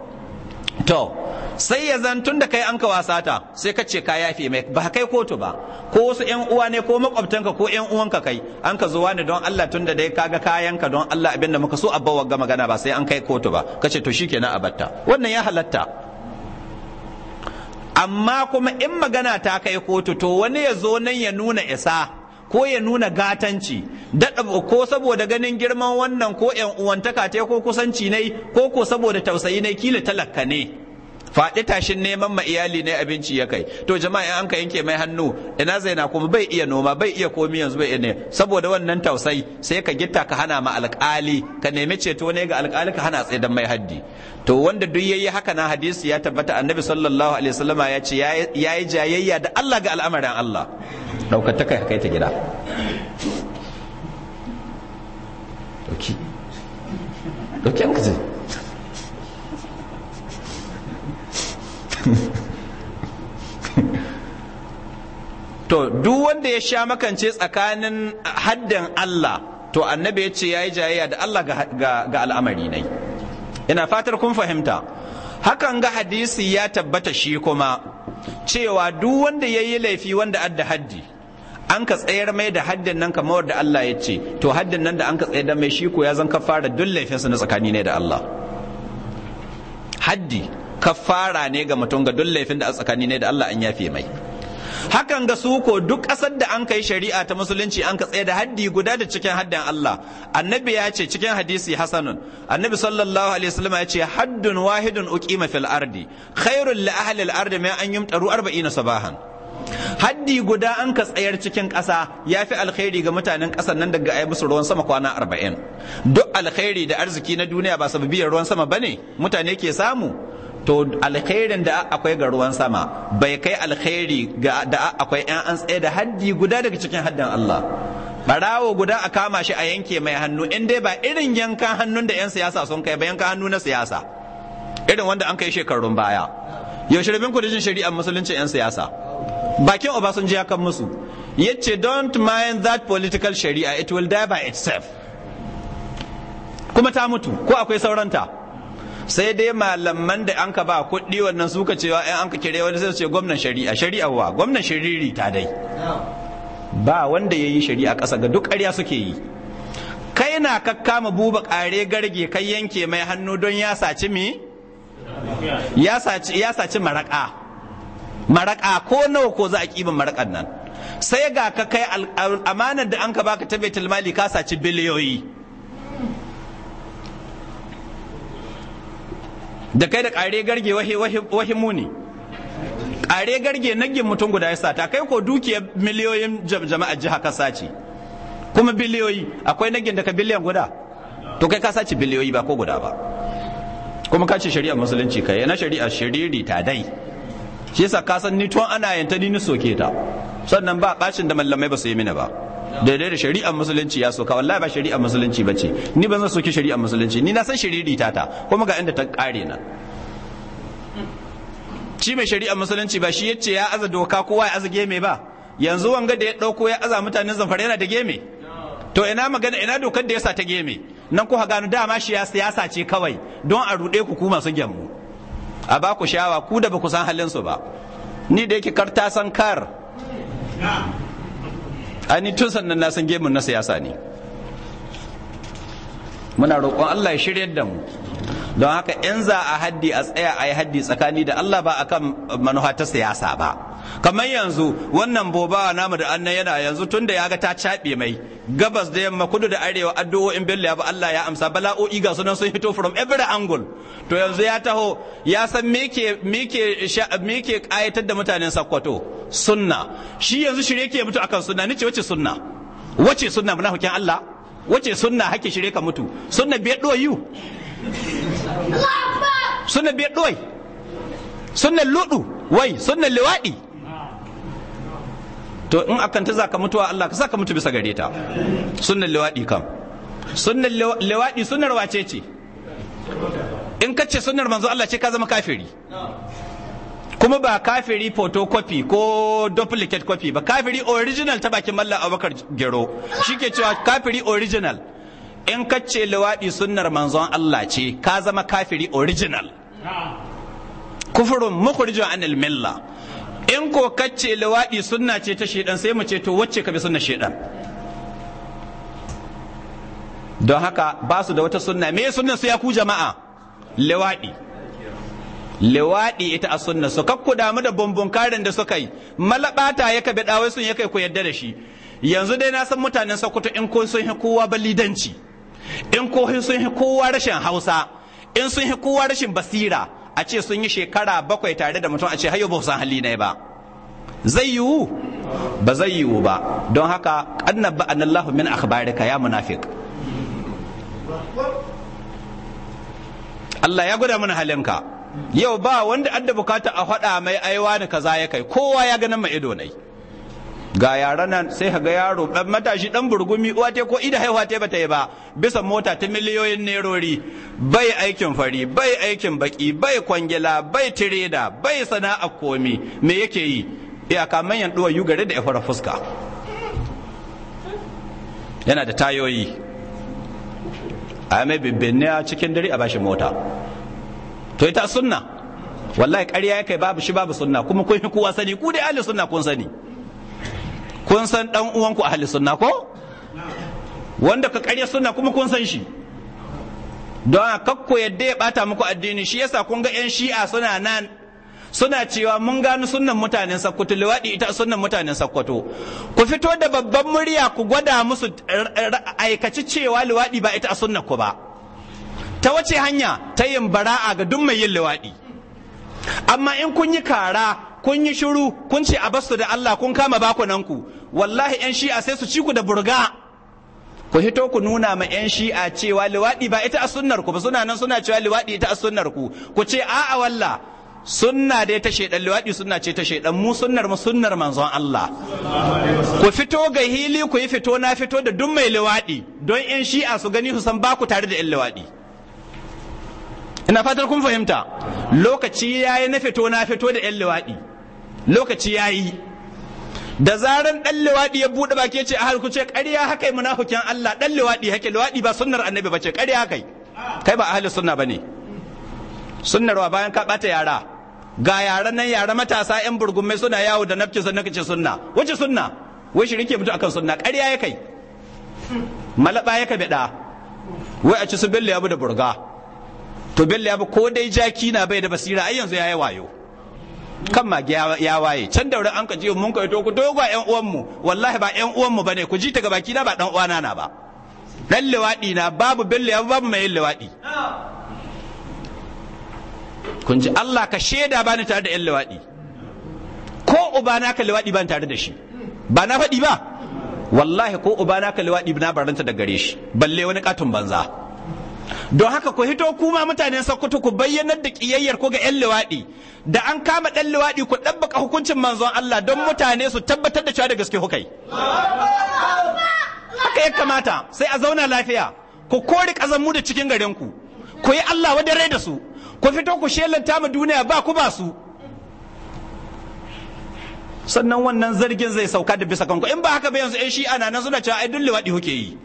to sai ya zan tun da kai an kawa sata sai ka ce ka yafe mai ba kai kotu ba ko wasu yan uwa ne ko makwabtanka ko yan uwanka kai an ka zuwa ne don Allah tun da dai kaga ka don Allah abin da muka so a bawa ga magana ba sai an kai kotu ba kace to shikenan a batta wannan ya halatta amma kuma in magana ta kai kotu to wani ya zo nan ya nuna isa ko ya nuna gatanci ko saboda ganin girman wannan ko yan uwantaka ta ko kusanci ne ko ko saboda tausayi ne kila talaka ne faɗi tashin neman ma iyali ne abinci ya kai to jama'a in an ka yanke mai hannu ina zaina kuma bai iya noma bai iya komi yanzu bai ne saboda wannan tausayi sai ka gitta ka hana ma alƙali ka nemi ceto ne ga alƙali ka hana tsaye mai haddi to wanda duk yayi haka na hadisi ya tabbata annabi sallallahu alaihi wasallama ya ce yayi jayayya da Allah ga al'amarin Allah daukar ta kai ta gida to duk wanda ya sha makance tsakanin haddin Allah to annabi ya ce ya yi jayayya da Allah ga al'amari ne ina fatar kun fahimta hakan ga hadisi ya tabbata shi kuma cewa duk wanda ya yi laifi wanda adda haddi an ka tsayar mai da haddin nan kamar da Allah ya ce to haddin nan da an ka tsayar da mai shi ko ya zan ka fara duk laifinsa na tsakani ne da Allah haddi kafara ne ga mutum ga duk laifin da a tsakani ne da Allah an yafe mai hakan ga su ko duk ƙasar da an kai shari'a ta musulunci an ka tsaye da haddi guda da cikin haddin Allah annabi ya ce cikin hadisi hasanun annabi sallallahu alaihi wasallam ya ce haddun wahidun uqima fil ardi khairul li ahli al ardi ma an yumtaru 40 sabahan haddi guda an ka tsayar cikin ƙasa ya fi alkhairi ga mutanen ƙasar nan daga ayi musu ruwan sama kwana arba'in duk alkhairi da arziki na duniya ba sababiyar ruwan sama bane mutane ke samu to alkhairin da akwai ga ruwan sama bai kai alkhairi ga da akwai yan an tsaye da haddi guda daga cikin haddan Allah barawo guda a kama shi a yanke mai hannu in dai ba irin yankan hannun da yan siyasa sun kai ba yankan hannu na siyasa irin wanda an kai shekarun baya yaushe rabin ku jin shari'ar musulunci yan siyasa bakin obasanji ya kan musu yace don't mind that political sharia it will die by itself kuma ta mutu ko akwai sauranta sai dai malaman da an ka ba kuɗi wannan suka cewa in an ka kire wani sai su ce gwamnan shari'a shari'a wa gwamnan shiriri ta dai ba wanda ya yi shari'a ƙasa ga duk ƙarya suke yi kai na kakkama buba ƙare garge kai yanke mai hannu don ya saci mi ya saci maraƙa maraƙa ko nawa ko za a ƙiban maraƙan nan sai ga ka kai amanar da an ka baka ta baitul mali ka saci biliyoyi da kai da ƙare garge wahi muni ƙare garge nagin mutum guda ya sata kai ko dukiyar miliyoyin jama'a jiha ka sace kuma biliyoyi akwai nagin daga biliyan guda to kai ka sace biliyoyi ba ko guda ba kuma ka ce shari'ar musulunci kai na shari'a shiriri ta dai shi yasa ka san ni tuwon ana yanta ni soke ta sannan ba bacin da mallamai ba su yi mini ba daidai da shari'ar musulunci ya soka wallahi ba shari'ar musulunci ba ni ban zan soki shari'ar musulunci ni na san shari'ar ta ta kuma ga inda ta kare na shi mai shari'ar musulunci ba shi yace ya aza doka kowa ya aza geme ba yanzu wanga da ya dauko ya aza mutanen zamfara yana da geme to ina magana ina dokar da yasa ta geme nan kuka gano dama shi ya siyasa ce kawai don a rude ku ku masu gemu a ba ku shawa ku da ba ku san halin su ba ni da yake kar ta san kar ani tun sannan na san gemun na siyasa ne muna roƙon Allah ya shiryar da mu don haka in za a haddi a tsaya a yi haddi tsakani da Allah ba akan manuha ta siyasa ba kamar yanzu wannan bobawa namu da annan yana yanzu da ya ga ta caɓe mai gabas da yamma kudu da arewa addu'o'in bello ya ba Allah ya amsa bala'o'i ga sunan sun hito from every angle to yanzu ya taho ya san me ke meke kayatar da mutanen Sokoto sunna shi yanzu shirye ke mutu akan sunna ni ce wace sunna wace sunna munafikin Allah wace sunna hake shirye ka mutu sunna bai doyu sunna biyar ɗuwai sunna luɗu wai sunna lewaɗi? to in akan ta za ka mutuwa Allah ka sa ka mutu bisa gare ta sunna liwaɗi kam sunna lewaɗi sunnar wace ce in ka ce sunnar manzo Allah ce ka zama kafiri kuma ba kafiri photocopy ko duplicate copy ba kafiri original ta bakin mallan abubakar gero shi ke cewa kafiri original in ka ce luwaɗi sunnar manzon Allah ce ka zama kafiri original kufurin mukhrijun anil milla in ko ka ce luwaɗi sunna ce ta shedan sai mu ce to wacce ka bi sunna shedan don haka ba su da wata sunna me sunnar su ya ku jama'a luwaɗi lewaɗi ita a sunna su kakku damu da bumbun karin da suka yi malabata ya kabe dawai sun ya kai ku yadda da shi yanzu dai na san mutanen sokoto in kun sun kowa balidanci in ko sun yi kowa rashin hausa in sun yi kowa rashin basira a ce sun yi shekara bakwai tare da mutum a ce hayo ba san hali ne ba zai yiwu ba zai yiwu ba don haka annabba annallahu min akhbarika ya munafiq Allah ya gwada mana halinka yau ba wanda adda bukata a faɗa mai aiwa da kaza ya kai kowa ya ganin ma ido ne ga yara nan sai ga yaro dan matashi dan burgumi uwa te ko ida haihuwa te bata yi ba bisa mota ta miliyoyin nerori bai aikin fari bai aikin baki bai kwangila bai tireda bai sana'a komi me yake yi iyaka manyan duwa yu gare da ya fara fuska yana da tayoyi a mai a cikin dare a bashi mota to ita sunna wallahi ƙarya ya kai babu shi babu sunna kuma kun kowa sani ku dai ahli sunna kun sani kun san dan uwanku ahli sunna ko wanda ka karya sunna kuma kun san shi don kakko yadda ya bata muku addini shi yasa kun ga yan shi'a suna nan suna cewa mun gano sunnan mutanen sakkwato liwaɗi ita sunnan mutanen sakkwato ku fito da babban murya ku gwada musu aikaci cewa liwaɗi ba ita sunnan ku ba ta wace hanya ta yin bara'a ga duk mai yin liwaɗi amma in kun yi kara kun yi shiru kun ce a basu da Allah kun kama bakunanku wallahi yan shi'a sai su ci ku da burga ku hito ku nuna ma yan shi'a cewa liwaɗi ba ita a sunnar ku ba suna nan suna cewa liwaɗi ita a sunnar ku ku ce a'a walla sunna dai ta shaidan liwaɗi sunna ce ta shaidan mu sunnar mu sunnar manzon Allah ku fito ga hili ku yi fito na fito da duk mai liwaɗi don yan shi'a su gani su san ba ku tare da yan liwaɗi ina fatar kun fahimta lokaci yayi na fito na fito da yan liwaɗi lokaci yayi da zaran dan liwadi ya bude baki yace ahal ku ce ƙarya haka munafikin Allah dan liwadi hake liwadi ba sunnar annabi bace ƙarya hakai kai ba ahli sunna bane sunnar wa bayan ka bata yara ga yaran nan yara matasa yan mai suna yawo da nafki sunna kace sunna wace sunna wai shi rike mutu akan sunna ƙarya ya kai malaba ya bida wai a ci su billa ya da burga to billa ya ko dai jaki na bai da basira ai yanzu yayi wayo kan mage ya waye can daure an ka ce mun kai to ku dogwa yan uwanmu wallahi ba yan uwanmu bane ku ji ta gabaki na ba dan uwana na ba dan lewadi na babu billa ya babu mai lewadi kun ji Allah ka shaida bani tare da yan lewadi ko ubana ka liwadi ban tare da shi ba na faɗi ba wallahi ko ubana ka liwadi na baranta da gare shi balle wani katun banza don haka ku hito kuma mutanen sokoto ku bayyanar da kiyayyar ko ga yan liwaɗi da an kama ɗan liwaɗi ku ɗabbaka hukuncin manzon Allah don mutane su tabbatar da cewa da gaske hukai haka ya kamata sai a zauna lafiya ku kori kazamu da cikin garin ku ku yi Allah wa rai da su ku fito ku shelanta mu duniya ba ku ba su sannan wannan zargin zai sauka da bisa kanku in ba haka ba yanzu 'yan shi'a na nan suna cewa ai dun liwaɗi kuke yi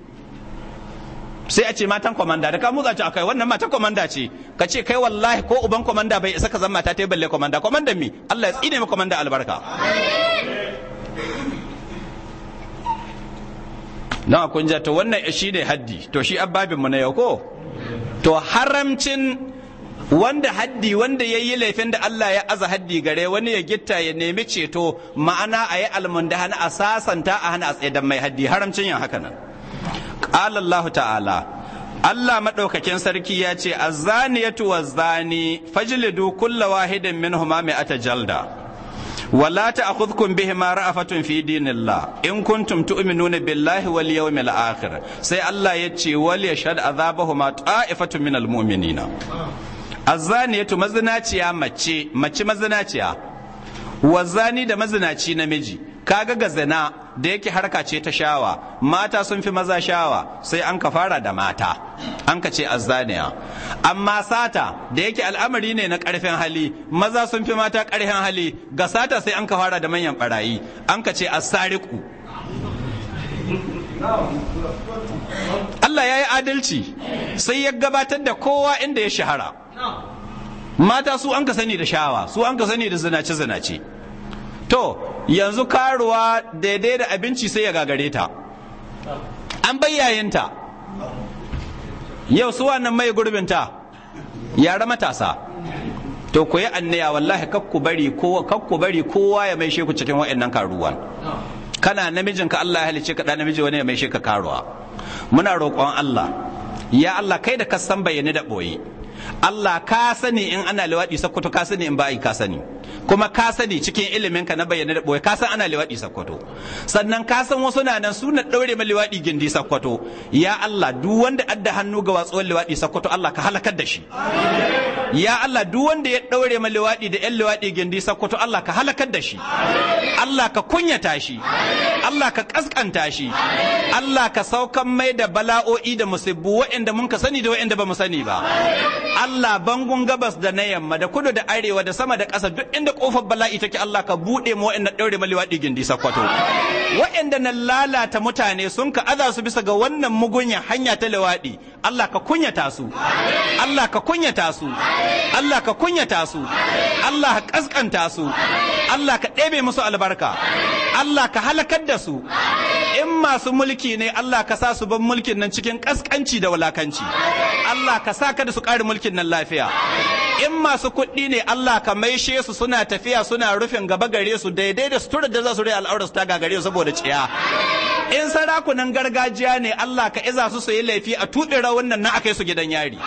sai a ce matan komanda da ka mutsa ci akai wannan matan komanda ce ka ce kai wallahi ko uban komanda bai isa ka zama mata ta balle komanda komandan mi Allah ya tsine mu komanda albarka na kun ja to wannan shi ne haddi to shi abbabin mu na yau ko to haramcin wanda haddi wanda ya yi laifin da Allah ya aza haddi gare wani ya gitta ya nemi ceto ma'ana a yi almundahana a sasanta a hana a tsaye mai haddi haramcin yin haka nan qala Allah ta'ala Allah madaukakin sarki ya ce azzaniyatu wazzani fajlidu kulla wahidin minhuma mi'ata jalda ولا تأخذكم بهما رأفة في دين الله إن كنتم تؤمنون بالله واليوم الآخر سي الله يتشي وليشهد عذابهما طائفة من المؤمنين الزانية مزناتيا مچي مچي مزناتيا والزاني ده مزناتي نمجي كاغا زنا da yake harka ce ta shawa mata sun fi maza shawa sai an ka fara da mata an ka ce azzaniya amma sata da yake al'amari ne na karfin hali maza sun fi mata karfin hali ga sata sai an ka fara da manyan barayi an ka ce asariku Allah ya yi adalci sai ya gabatar da kowa inda ya shahara mata su an ka sani da shawa su an ka sani da zinace-zinace to yanzu karuwa daidai da abinci sai ya gagare ta an bayyayinta yau su wannan mai gurbinta yara matasa to ku yi annaya wallahi kakku bari kowa kakku bari kowa ya maishe ku cikin wa'annan karuwan kana namijin ka Allah ya halice ka namiji wani ya maishe ka karuwa muna roƙon Allah ya Allah kai da kasan bayyane da boye Allah ka sani in ana liwaɗi sakkwato ka sani in ba'i ka sani kuma ka sani cikin ilimin ka na bayyana da boye ka san ana liwadi sakkwato sannan ka san wasu na nan suna daure ma liwadi gindi sakkwato ya Allah duk wanda adda hannu ga watsuwar liwadi sakkwato Allah ka halakar da shi ya Allah duk wanda ya daure ma liwadi da yan liwadi gindi sakkwato Allah ka halakar da shi Allah ka kunyata shi Allah ka kaskanta shi Allah ka saukan mai da bala'o'i da musibbu waɗanda mun ka sani da waɗanda ba mu sani ba Allah bangun gabas da na yamma da kudu da arewa da sama da ƙasa duk inda kofar bala'i take Allah ka buɗe mu waɗanda ɗaure maliwaɗi gindi sakwato wa'anda na lalata mutane sun ka aza su bisa ga wannan mugunya hanya ta liwaɗi Allah ka kunyata su Allah ka kunyata su Allah ka kunyata su Allah ka kaskanta su Allah ka ɗebe musu albarka Allah ka halakar da su in masu mulki ne Allah ka sa su ban mulkin nan cikin kaskanci da walakanci Allah ka sa ka da su ƙari mulkin nan lafiya in masu kuɗi ne Allah ka maishe su suna tafiya suna rufin gaba gare su daidai da sutura da za su rai al'aura su ta gare su saboda ciya in sarakunan gargajiya ne Allah ka iza su su yi laifi a tuɗe rawun nan na yi su gidan yari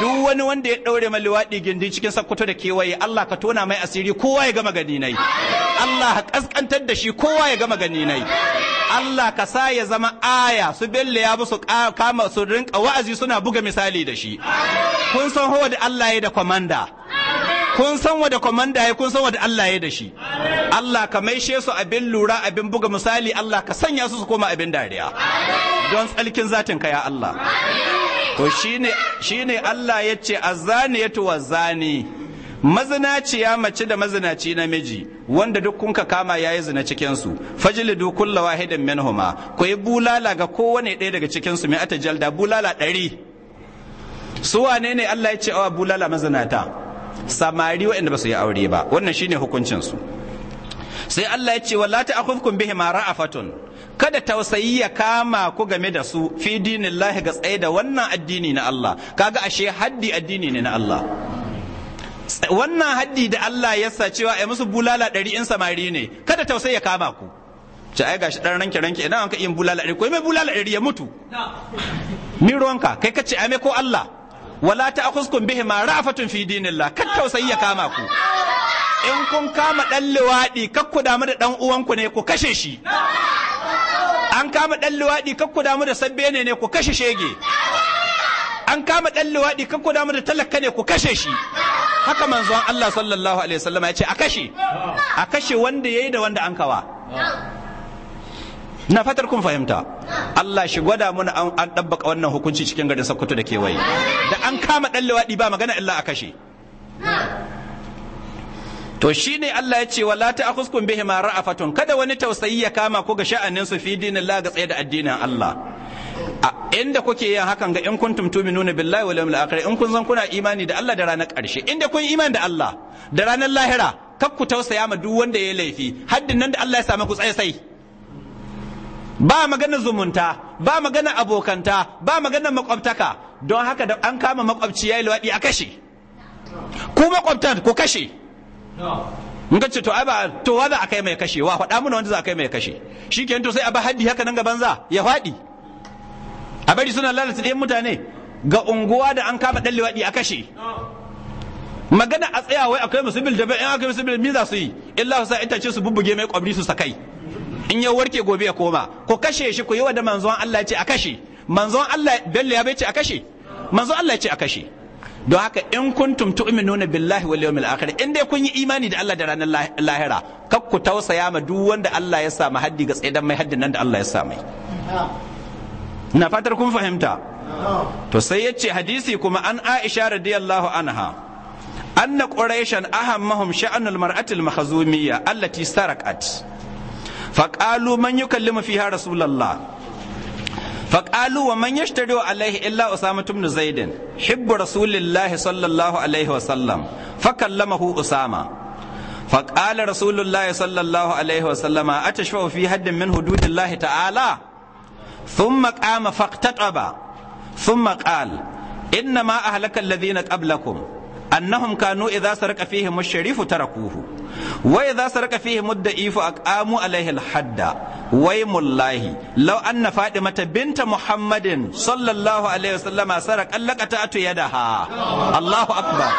duk wani wanda ya ɗaure ma liwaɗi gindi cikin sakkwato da kewaye Allah ka tona mai asiri kowa ya gama gani nai Allah ka ƙasƙantar da shi kowa ya gama gani nai Allah ka sa ya zama aya su belle ya su kama su rinka wa'azi suna buga misali da shi kun san hawa da Allah ya da kwamanda kun san wa komanda ya kun san wa Allah ya da shi Allah ka maishe su abin lura abin buga misali Allah ka sanya su su koma abin dariya don tsalkin zatin ka ya Allah to shine shine Allah ya ce azzaniyatu wazani ya mace da mazinaci namiji wanda duk kunka kama ya yi zina cikinsu. su fajlidu kullu wahidin minhuma ku yi bulala ga kowane ɗaya daga cikinsu su mai ata jalda bulala ɗari su wane ne Allah ya ce awa bulala mazinata samari waɗanda ba su yi aure ba wannan shine ne hukuncinsu. sai Allah ya ce wala mara a ra'afatun kada tausayi ya kama ku game da su fi dinillahi ga tsaye da wannan addini na Allah kaga ashe haddi addini ne na Allah wannan haddi da Allah ya sa cewa ai musu bulala ɗari in samari ne kada tausayi ya kama ku ce ai gashi dan ranke ranke idan an ka yin bulala ɗari ko mai bulala ɗari ya mutu ni ruwanka kai ce ai mai ko Allah wala ta'khuzkum bihima ra'fatun fi dinillah kar tausayi ya kama ku in kun kama ɗan luwaɗi kakku damu da ɗan uwanku ne ku kashe shi an kama ɗan luwaɗi kakku damu da sabbe ne ne ku kashe shege an kama ɗan luwaɗi kakku damu da talaka ne ku kashe shi haka manzon Allah sallallahu alaihi wasallam ya ce a kashe a kashe wanda yayi da wanda an kawa na fatar kun fahimta Allah shi gwada mana an ɗabbaka wannan hukunci cikin garin Sokoto da kewaye da an kama ɗan lewaɗi ba magana illa a kashe to shi ne Allah ya ce wala ta'khuskum bihima ra'afatun kada wani tausayi ya kama ko ga sha'anin su fi dinillah ga tsaye da addinin Allah a inda kuke yin hakan ga in kuntum tu'minuna billahi wal yawmil akhir in kun zan kuna imani da Allah da ranar ƙarshe inda kun imani da Allah da ranar lahira kakku tausaya ma duk wanda ya laifi haddin nan da Allah ya sami ku tsaye sai ba magana zumunta ba magana abokanta ba magana makwabtaka don haka da an kama makwabci yayi luwaɗi a kashe ku makwabta ku kashe in ka ce to ai ba to wa za a kai mai kashe wa faɗa mana wanda za a kai mai kashe shikenan to sai a ba haddi haka nan gaban za ya faɗi a bari suna lalata ɗayan mutane ga unguwa da an kama ɗan luwaɗi a kashe magana a tsaya wai akwai musu bil da in akwai musu bil me za su yi illa su sa itace su bubbuge mai kwabri su sakai in ya warke gobe ya koma ko kashe shi ku yi wa da manzon Allah ce a kashe manzon Allah bello ya bai ce a kashe manzon Allah ce a kashe don haka in kuntum tu'minuna billahi wal yawmil akhir in dai kun yi imani da Allah da ranar lahira kak ku tausaya ma duk wanda Allah ya sa haddi ga tsaidan mai haddin nan da Allah ya sa mai na fatar kun fahimta to sai yace hadisi kuma an Aisha radiyallahu anha anna quraishan ahammahum sha'anul mar'atil mahzumiyya allati sarakat faƙalu man yukallimu fiha rasulullah faƙalu wa man yashtari wa alaihi illa usama ibn zaidin hibbu rasulillahi sallallahu alaihi wa sallam fakallamahu usama فقال رسول الله صلى الله عليه وسلم أتشفع في حد من حدود الله تعالى ثم قام فاقتطب ثم قال إنما أهلك الذين قبلكم annahum kanu idza sarqa fihim ash-sharifu tarakuhu wa idza sarqa fihim ad-da'ifu aqamu alayhi al wa mullahi law anna fatimata binta muhammadin sallallahu alaihi wasallama sarqa laqata atu yadaha Allahu akbar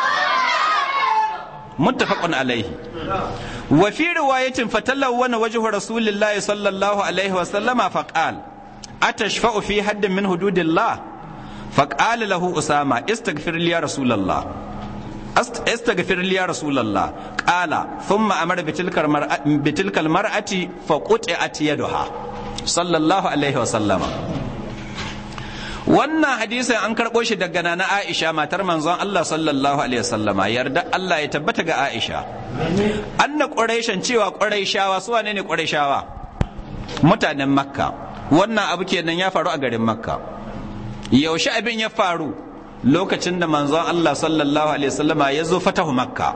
متفق عليه wa رواية فتلون وجه رسول الله صلى الله عليه وسلم فقال أتشفأ في حد من حدود الله فقال له أسامة استغفر لي rasulallah. astaghfir li ya rasulullah qala thumma amara bitilkal mar'ati bitilkal mar'ati fa quti'at yaduha sallallahu alaihi wa sallama wannan hadisin an karɓo shi daga nana aisha matar manzon allah sallallahu alaihi wasallama yarda allah ya tabbata ga aisha anna ƙuraishan cewa ƙuraishawa su wane ne ƙuraishawa mutanen makka wannan abu kenan ya faru a garin makka yaushe abin ya faru lokacin da manzon Allah sallallahu alaihi wasallama ya zo fatahu makka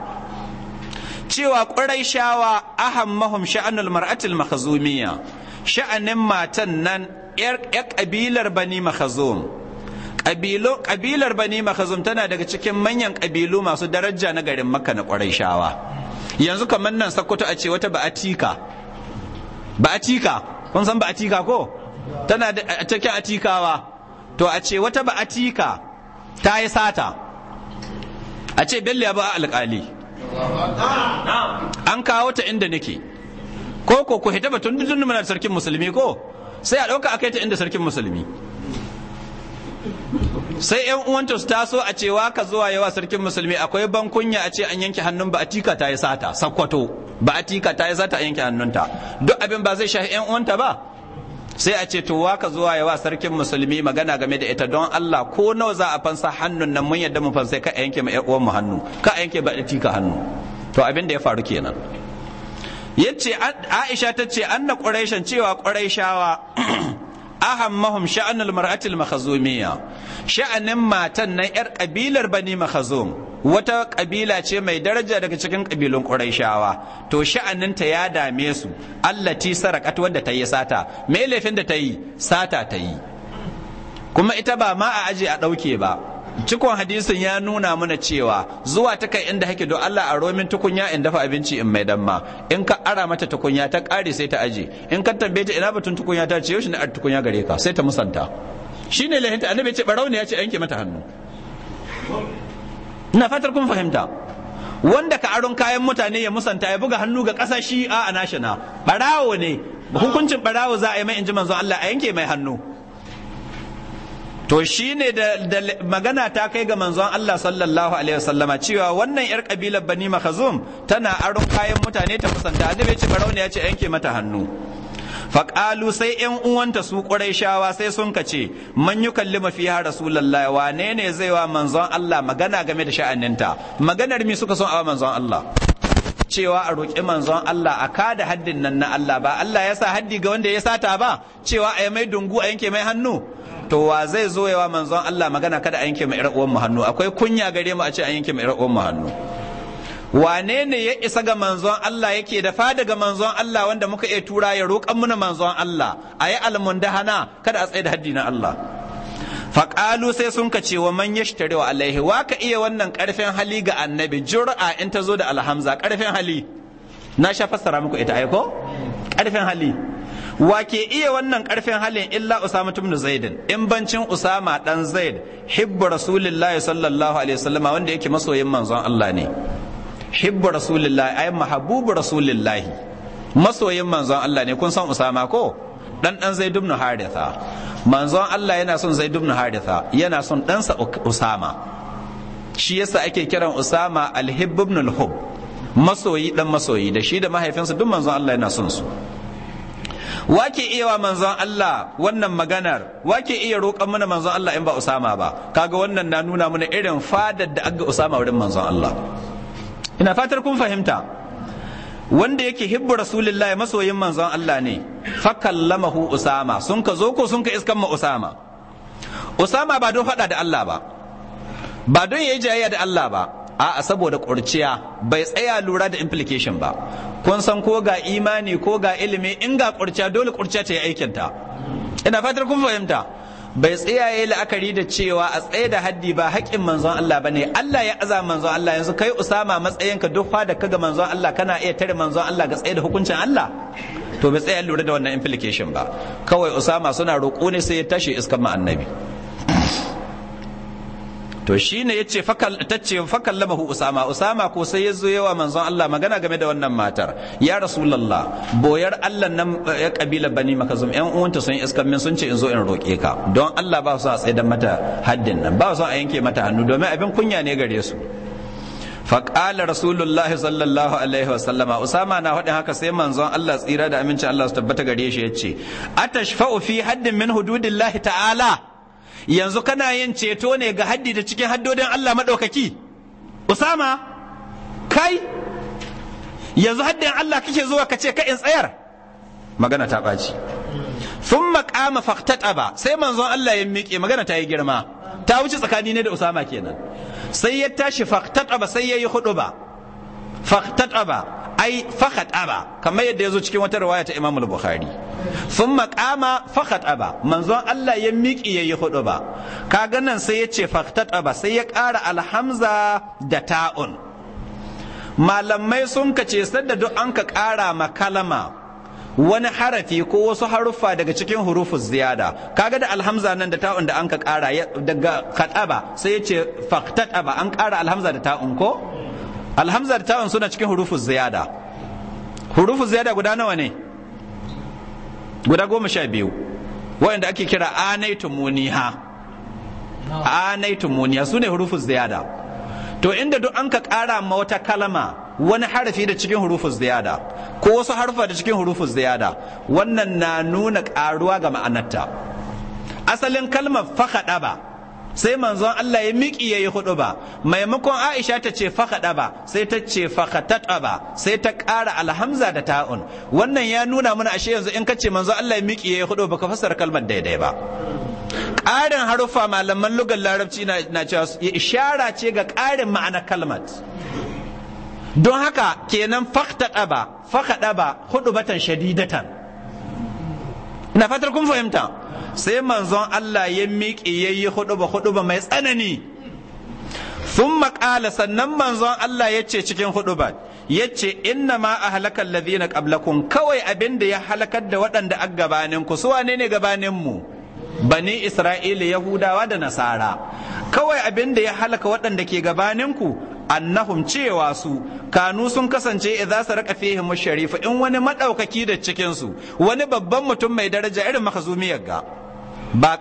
cewa shawa ahammahum sha'anul mar'atil makhzumiyya sha'anin matan nan yar kabilar bani makhzum kabilo kabilar bani makhzum tana daga cikin manyan kabilu masu daraja na garin makka na shawa. yanzu kamar nan sakkwato a ce wata ba'atika ba'atika kun san ba'atika ko tana da cikin atikawa to a ce wata ba'atika ta yi sata a ce bello ya ba alƙali an kawo ta inda nake ko ko ku hita batun dukkan muna sarkin musulmi ko sai a ɗauka yi ta inda sarkin musulmi sai yan uwanta su taso a cewa ka zuwa yawa sarkin musulmi akwai bankunya a ce an yanke hannun ba tika ta yi sata sakkwato ba tika ta yi sata a yanke hannunta duk abin ba zai shafi yan uwanta ba sai a ce to waka zuwa yawa sarkin musulmi magana game da ita don Allah ko nawa za a fansa hannun nan mun yadda mu fansa ka a yanke ma uwan mu hannu ka a yanke ba ka hannu to abin da ya faru kenan yace Aisha ta ce anna quraishan cewa quraishawa ahammahum sha'anul mar'atil makhzumiyya sha'anin matan nan yar kabilar bani makhzum wata kabila ce mai daraja daga cikin kabilun ƙuraishawa to sha'aninta ya dame su Allah ti sarakat wanda ta yi sata me laifin da ta yi sata ta yi kuma ita ba ma a aje a ɗauke ba cikon hadisin ya nuna mana cewa zuwa ta kai inda hake don Allah a romin tukunya in dafa abinci in mai damma in ka ara mata tukunya ta ƙare sai ta aje in ka tambaye ta ina batun tukunya ta ce yau shi na tukunya gare ka sai ta musanta shine lahinta annabi ce barau ya ce yanke mata hannu ina fatar kun fahimta wanda ka aron kayan mutane ya musanta ya buga hannu ga ƙasa shi a anashina barawo ne hukuncin barawo za a yi mai inji manzo Allah a yanke mai hannu to shi ne da magana ta kai ga manzon Allah sallallahu alaihi wasallama cewa wannan yar kabilar bani makhazum tana aron kayan mutane ta musanta annabi ya ce barawo ne ya ce yanke mata hannu faƙalu sai ‘yan uwanta su shawa sai sun ka ce man yi kallima fi ha lallai. Wanene ne zai wa manzon Allah magana game da sha'aninta maganar mi suka son a manzon Allah cewa a roƙi manzon Allah a kada haddin nan na Allah ba Allah ya sa haddi ga wanda ya sata ba cewa a yi mai dungu a yanke mai hannu to wa zai zo yawa manzon Allah magana kada a yanke mai uwan mu hannu akwai kunya gare mu a ce a yanke mai uwan mu hannu wane ne ya isa ga manzon Allah yake da fa daga manzon Allah wanda muka iya tura ya roƙan muna manzon Allah a yi almundahana kada a tsaye da haddi na Allah faƙalu sai sun ka ce wa man ya wa alaihi wa ka iya wannan ƙarfin hali ga annabi jur'a in ta zo da alhamza ƙarfin hali na sha fassara muku ita aiko ƙarfin hali wa ke iya wannan ƙarfin halin illa usama tumnu zaidin in bancin usama dan zaid hibbu rasulillahi sallallahu alaihi wasallama wanda yake masoyin manzon Allah ne hibbu rasulillahi ayi mahabubu rasulillahi masoyin manzon Allah ne kun san Usama ko dan dan Zaid ibn Haritha manzon Allah yana son Zaid ibn Haritha yana son ɗansa Usama shi yasa ake kiran Usama al-hibb ibn al-hub masoyi dan masoyi da shi da mahaifinsa duk manzon Allah yana son su wake iya wa manzon Allah wannan maganar wake iya roƙon mana manzon Allah in ba Usama ba kaga wannan na nuna mana irin fadar da aga Usama wurin manzon Allah ina fatar kun fahimta wanda yake hibbu rasulullahi masoyin manzon Allah ne fakallamahu usama sun ka zo ko sun ka iskan ma usama usama ba don faɗa da Allah ba ba don yayi jayayya da Allah ba a'a saboda kurciya bai tsaya lura da implication ba kun san ko ga imani ko ga ilimi in ga kurciya dole kurciya ta yi aikinta ina fatar kun fahimta bai tsayaye la'akari da cewa a tsaye da haddi ba haƙƙin manzon Allah ba ne Allah ya aza manzon Allah yanzu kai Usama matsayinka duk da ga manzon Allah kana iya tare manzon Allah ga tsaye da hukuncin Allah to bai tsaye lura da wannan implication ba kawai Usama suna roƙo ne sai ya tashi iskan annabi to shi ne ya ce tace mahu usama usama ko sai ya zo yawa manzon Allah magana game da wannan matar ya rasulullah boyar Allah nan ya eh, kabila bani makazum yan uwanta sun iskan min sun ce in zo in roke ka don Allah ba su a da mata haddin nan ba su a yanke mata hannu domin abin kunya ne gare su faƙalar rasulullahi sallallahu alaihi wasallama usama na haɗin haka sai manzon Allah tsira da amincin Allah su tabbata gare shi ya ce atashfa'u fi haddin min hududillahi ta'ala yanzu kana yin ceto ne ga haddi da cikin haddodin Allah maɗaukaki Usama kai yanzu haddin Allah kake zuwa ka ce ka in tsayar magana ta ɓaci sun maƙama ɗaba, sai manzon Allah ya miƙe magana ta yi girma ta wuce tsakani ne da Usama kenan sai ya tashi ɗaba sai ya yi huɗu ba faqtataba ai faqataba kamar yadda yazo cikin wata riwaya ta Imam al-Bukhari thumma qama faqataba manzon Allah ya miƙi yayi hudu ba kaga nan sai ya ce faqtataba sai ya ƙara alhamza da ta'un malamai sun kace sadda duk an ka ƙara makalama wani harafi ko wasu haruffa daga cikin hurufu ziyada kaga da alhamza nan da ta'un da an ka ƙara daga kataba sai ce faqtataba an ƙara alhamza da ta'un ko alhamza da ta'un suna cikin hurufu ziyada hurufu ziyada guda nawa ne guda goma sha biyu wa'anda ake kira anaitu muniha anaitu muniha su ne hurufu ziyada to inda duk an ka ƙara ma wata kalama wani harafi da cikin hurufu ziyada ko wasu harfa da cikin hurufu ziyada wannan na nuna ƙaruwa ga ma'anarta asalin kalmar fahaɗa ba sai manzon Allah ya miƙi ya yi hudu ba maimakon Aisha ta ce fahaɗa ba sai ta ce fahatata ba sai ta ƙara alhamza da ta'un wannan ya nuna mana ashe yanzu in ka ce manzon Allah ya miƙi ya yi hudu ba ka fassara kalmar daidai ba ƙarin haruffa malaman lugar larabci na cewa ishara ce ga ƙarin ma'ana kalmat don haka kenan fahaɗa ba fahaɗa ba hudu batan shadidatan ina fatar kun fahimta sai manzon Allah ya miƙe ya yi huɗuba huɗuba mai tsanani sun maƙala sannan manzon Allah ya ce cikin huɗuba ya ce inna ma a halakar lazina ƙablakun kawai abin da ya halakar da waɗanda a gabaninku su wane ne gabaninmu bani isra'ila yahudawa da nasara kawai abin da ya halaka waɗanda ke gabaninku annahum cewa su kanu sun kasance idza raka fihim sharifa in wani maɗaukaki da cikinsu. wani babban mutum mai daraja irin makazumiyar ga ba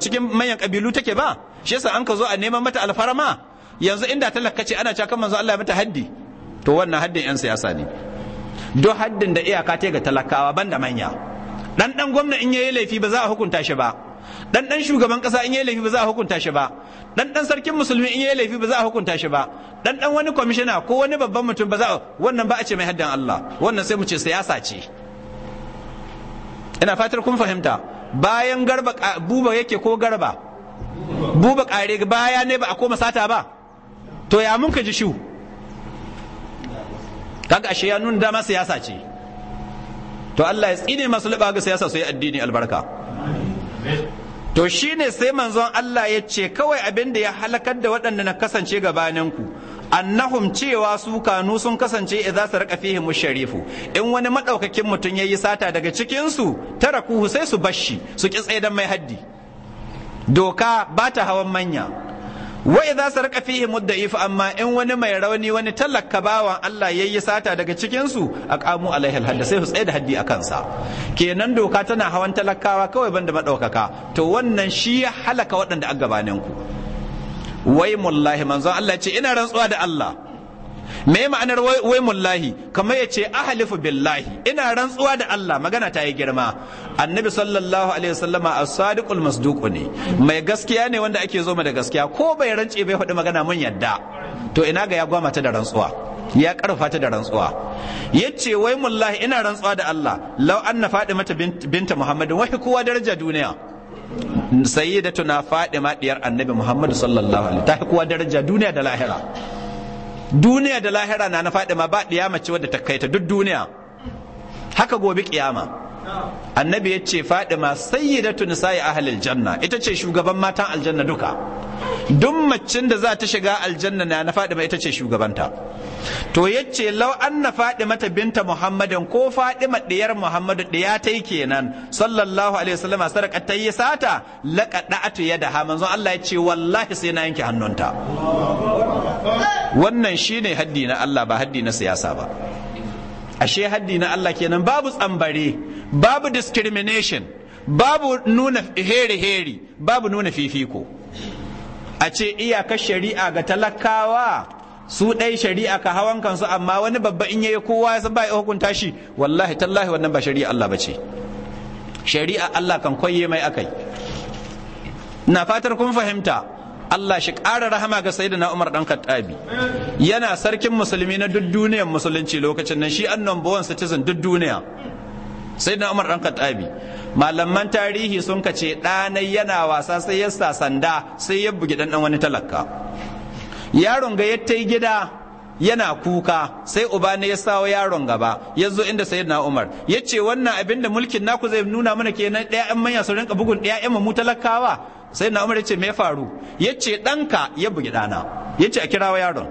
cikin manyan kabilu take ba shi yasa an ka zo a neman mata alfarma yanzu inda talaka ce ana cakan manzo Allah ya mata haddi to wannan haddin yan siyasa ne don haddin da iyaka ta ga talakawa banda manya dan dan gwamna in yayi laifi ba za a hukunta shi ba dan dan shugaban kasa in yayi laifi ba za a hukunta shi ba dan dan sarkin musulmi in yayi laifi ba za a hukunta shi ba dan dan wani kwamishina ko wani babban mutum ba za a wannan ba a ce mai haddin Allah wannan sai mu ce siyasa ce ina fatar kun fahimta bayan garba buba yake ko garba buba kare baya ne ba a koma sata ba to ya mun ka ji shu kaga ashe ya nuna dama siyasa ce to Allah ya tsine masu liba ga siyasa su yi addini albarka to shi ne sai manzon Allah ya ce kawai abin da ya halakar da waɗanda na kasance gabaninku annahum cewa su kanu sun kasance za su riƙa fihim sharifu in wani maɗaukakin mutum yi sata daga cikinsu Tara tarakuhu sai su bashi su tsaye don mai haddi doka ba ta hawan manya wa idza sarqa fihi mudda'if amma in wani mai rauni wani talakabawan bawan Allah yayi sata daga cikin su aqamu alaihi alhadda sai su tsaye da haddi akan sa kenan doka tana hawan talakawa kawai banda maɗaukaka, to wannan shi ya halaka waɗanda a gabanin ku wai mullahi manzon Allah ce ina rantsuwa da Allah me ma'anar wai mullahi kamar ya ce ahalifu billahi ina rantsuwa da Allah magana ta yi girma annabi sallallahu alaihi wasallama as-sadiqul masduq ne mai gaskiya ne wanda ake zo da gaskiya ko bai rance bai faɗi magana mun yadda to ina ga ya gwama ta da rantsuwa ya karfa ta da rantsuwa yace wai mullahi ina rantsuwa da Allah law anna mata binta muhammadin wai kowa daraja duniya sayyidatuna fadima diyar annabi muhammad sallallahu alaihi ta kowa daraja duniya da lahira duniya da lahira na na faɗi ma ba ɗiyama mace wadda ta kai ta duk duniya haka gobe ƙiyama annabi ya ce fadima sayyidatu nisa'i ahlil janna ita ce shugaban matan aljanna duka duk macin da za ta shiga aljanna na na fadima ita ce shugabanta to ya lau law anna fadima ta binta muhammadin ko fadima diyar muhammadu diya ta kenan sallallahu alaihi wasallam sarka ta yi sata laqada'atu yadaha manzon Allah ya ce wallahi sai na yanke hannunta wannan shine haddi na Allah ba haddi na siyasa ba ashe haddi na Allah kenan babu tsambare babu discrimination babu nuna heri-heri babu nuna fifiko a ce iyakar shari'a ga talakawa su ɗai shari'a ka hawan kansu amma wani babba in yayi kowa ya ba ya hukunta shi wallahi tallahi wannan ba shari'a Allah ba ce shari'a Allah kan kwaye mai akai na fatar kun fahimta Allah shi ƙara rahama ga sayyidina Umar dan Khattabi yana sarkin musulmi na duk duniyar musulunci lokacin nan shi nan bawan citizen duk duniya sayyidina Umar dan Khattabi malaman tarihi sun kace ɗanai yana wasa sai ya sa sanda sai ya bugi dan wani talaka yaron ga yatta gida yana kuka sai uba ne ya sawo yaron gaba ya zo inda sayid na umar ya ce wannan abin da mulkin naku zai nuna mana kenan ɗaya 'yan manya su rinka bugun ɗaya 'yan mu talakawa sai na umar ce me ya faru ɗanka ya bugi ɗana. Ya ce a kirawo yaron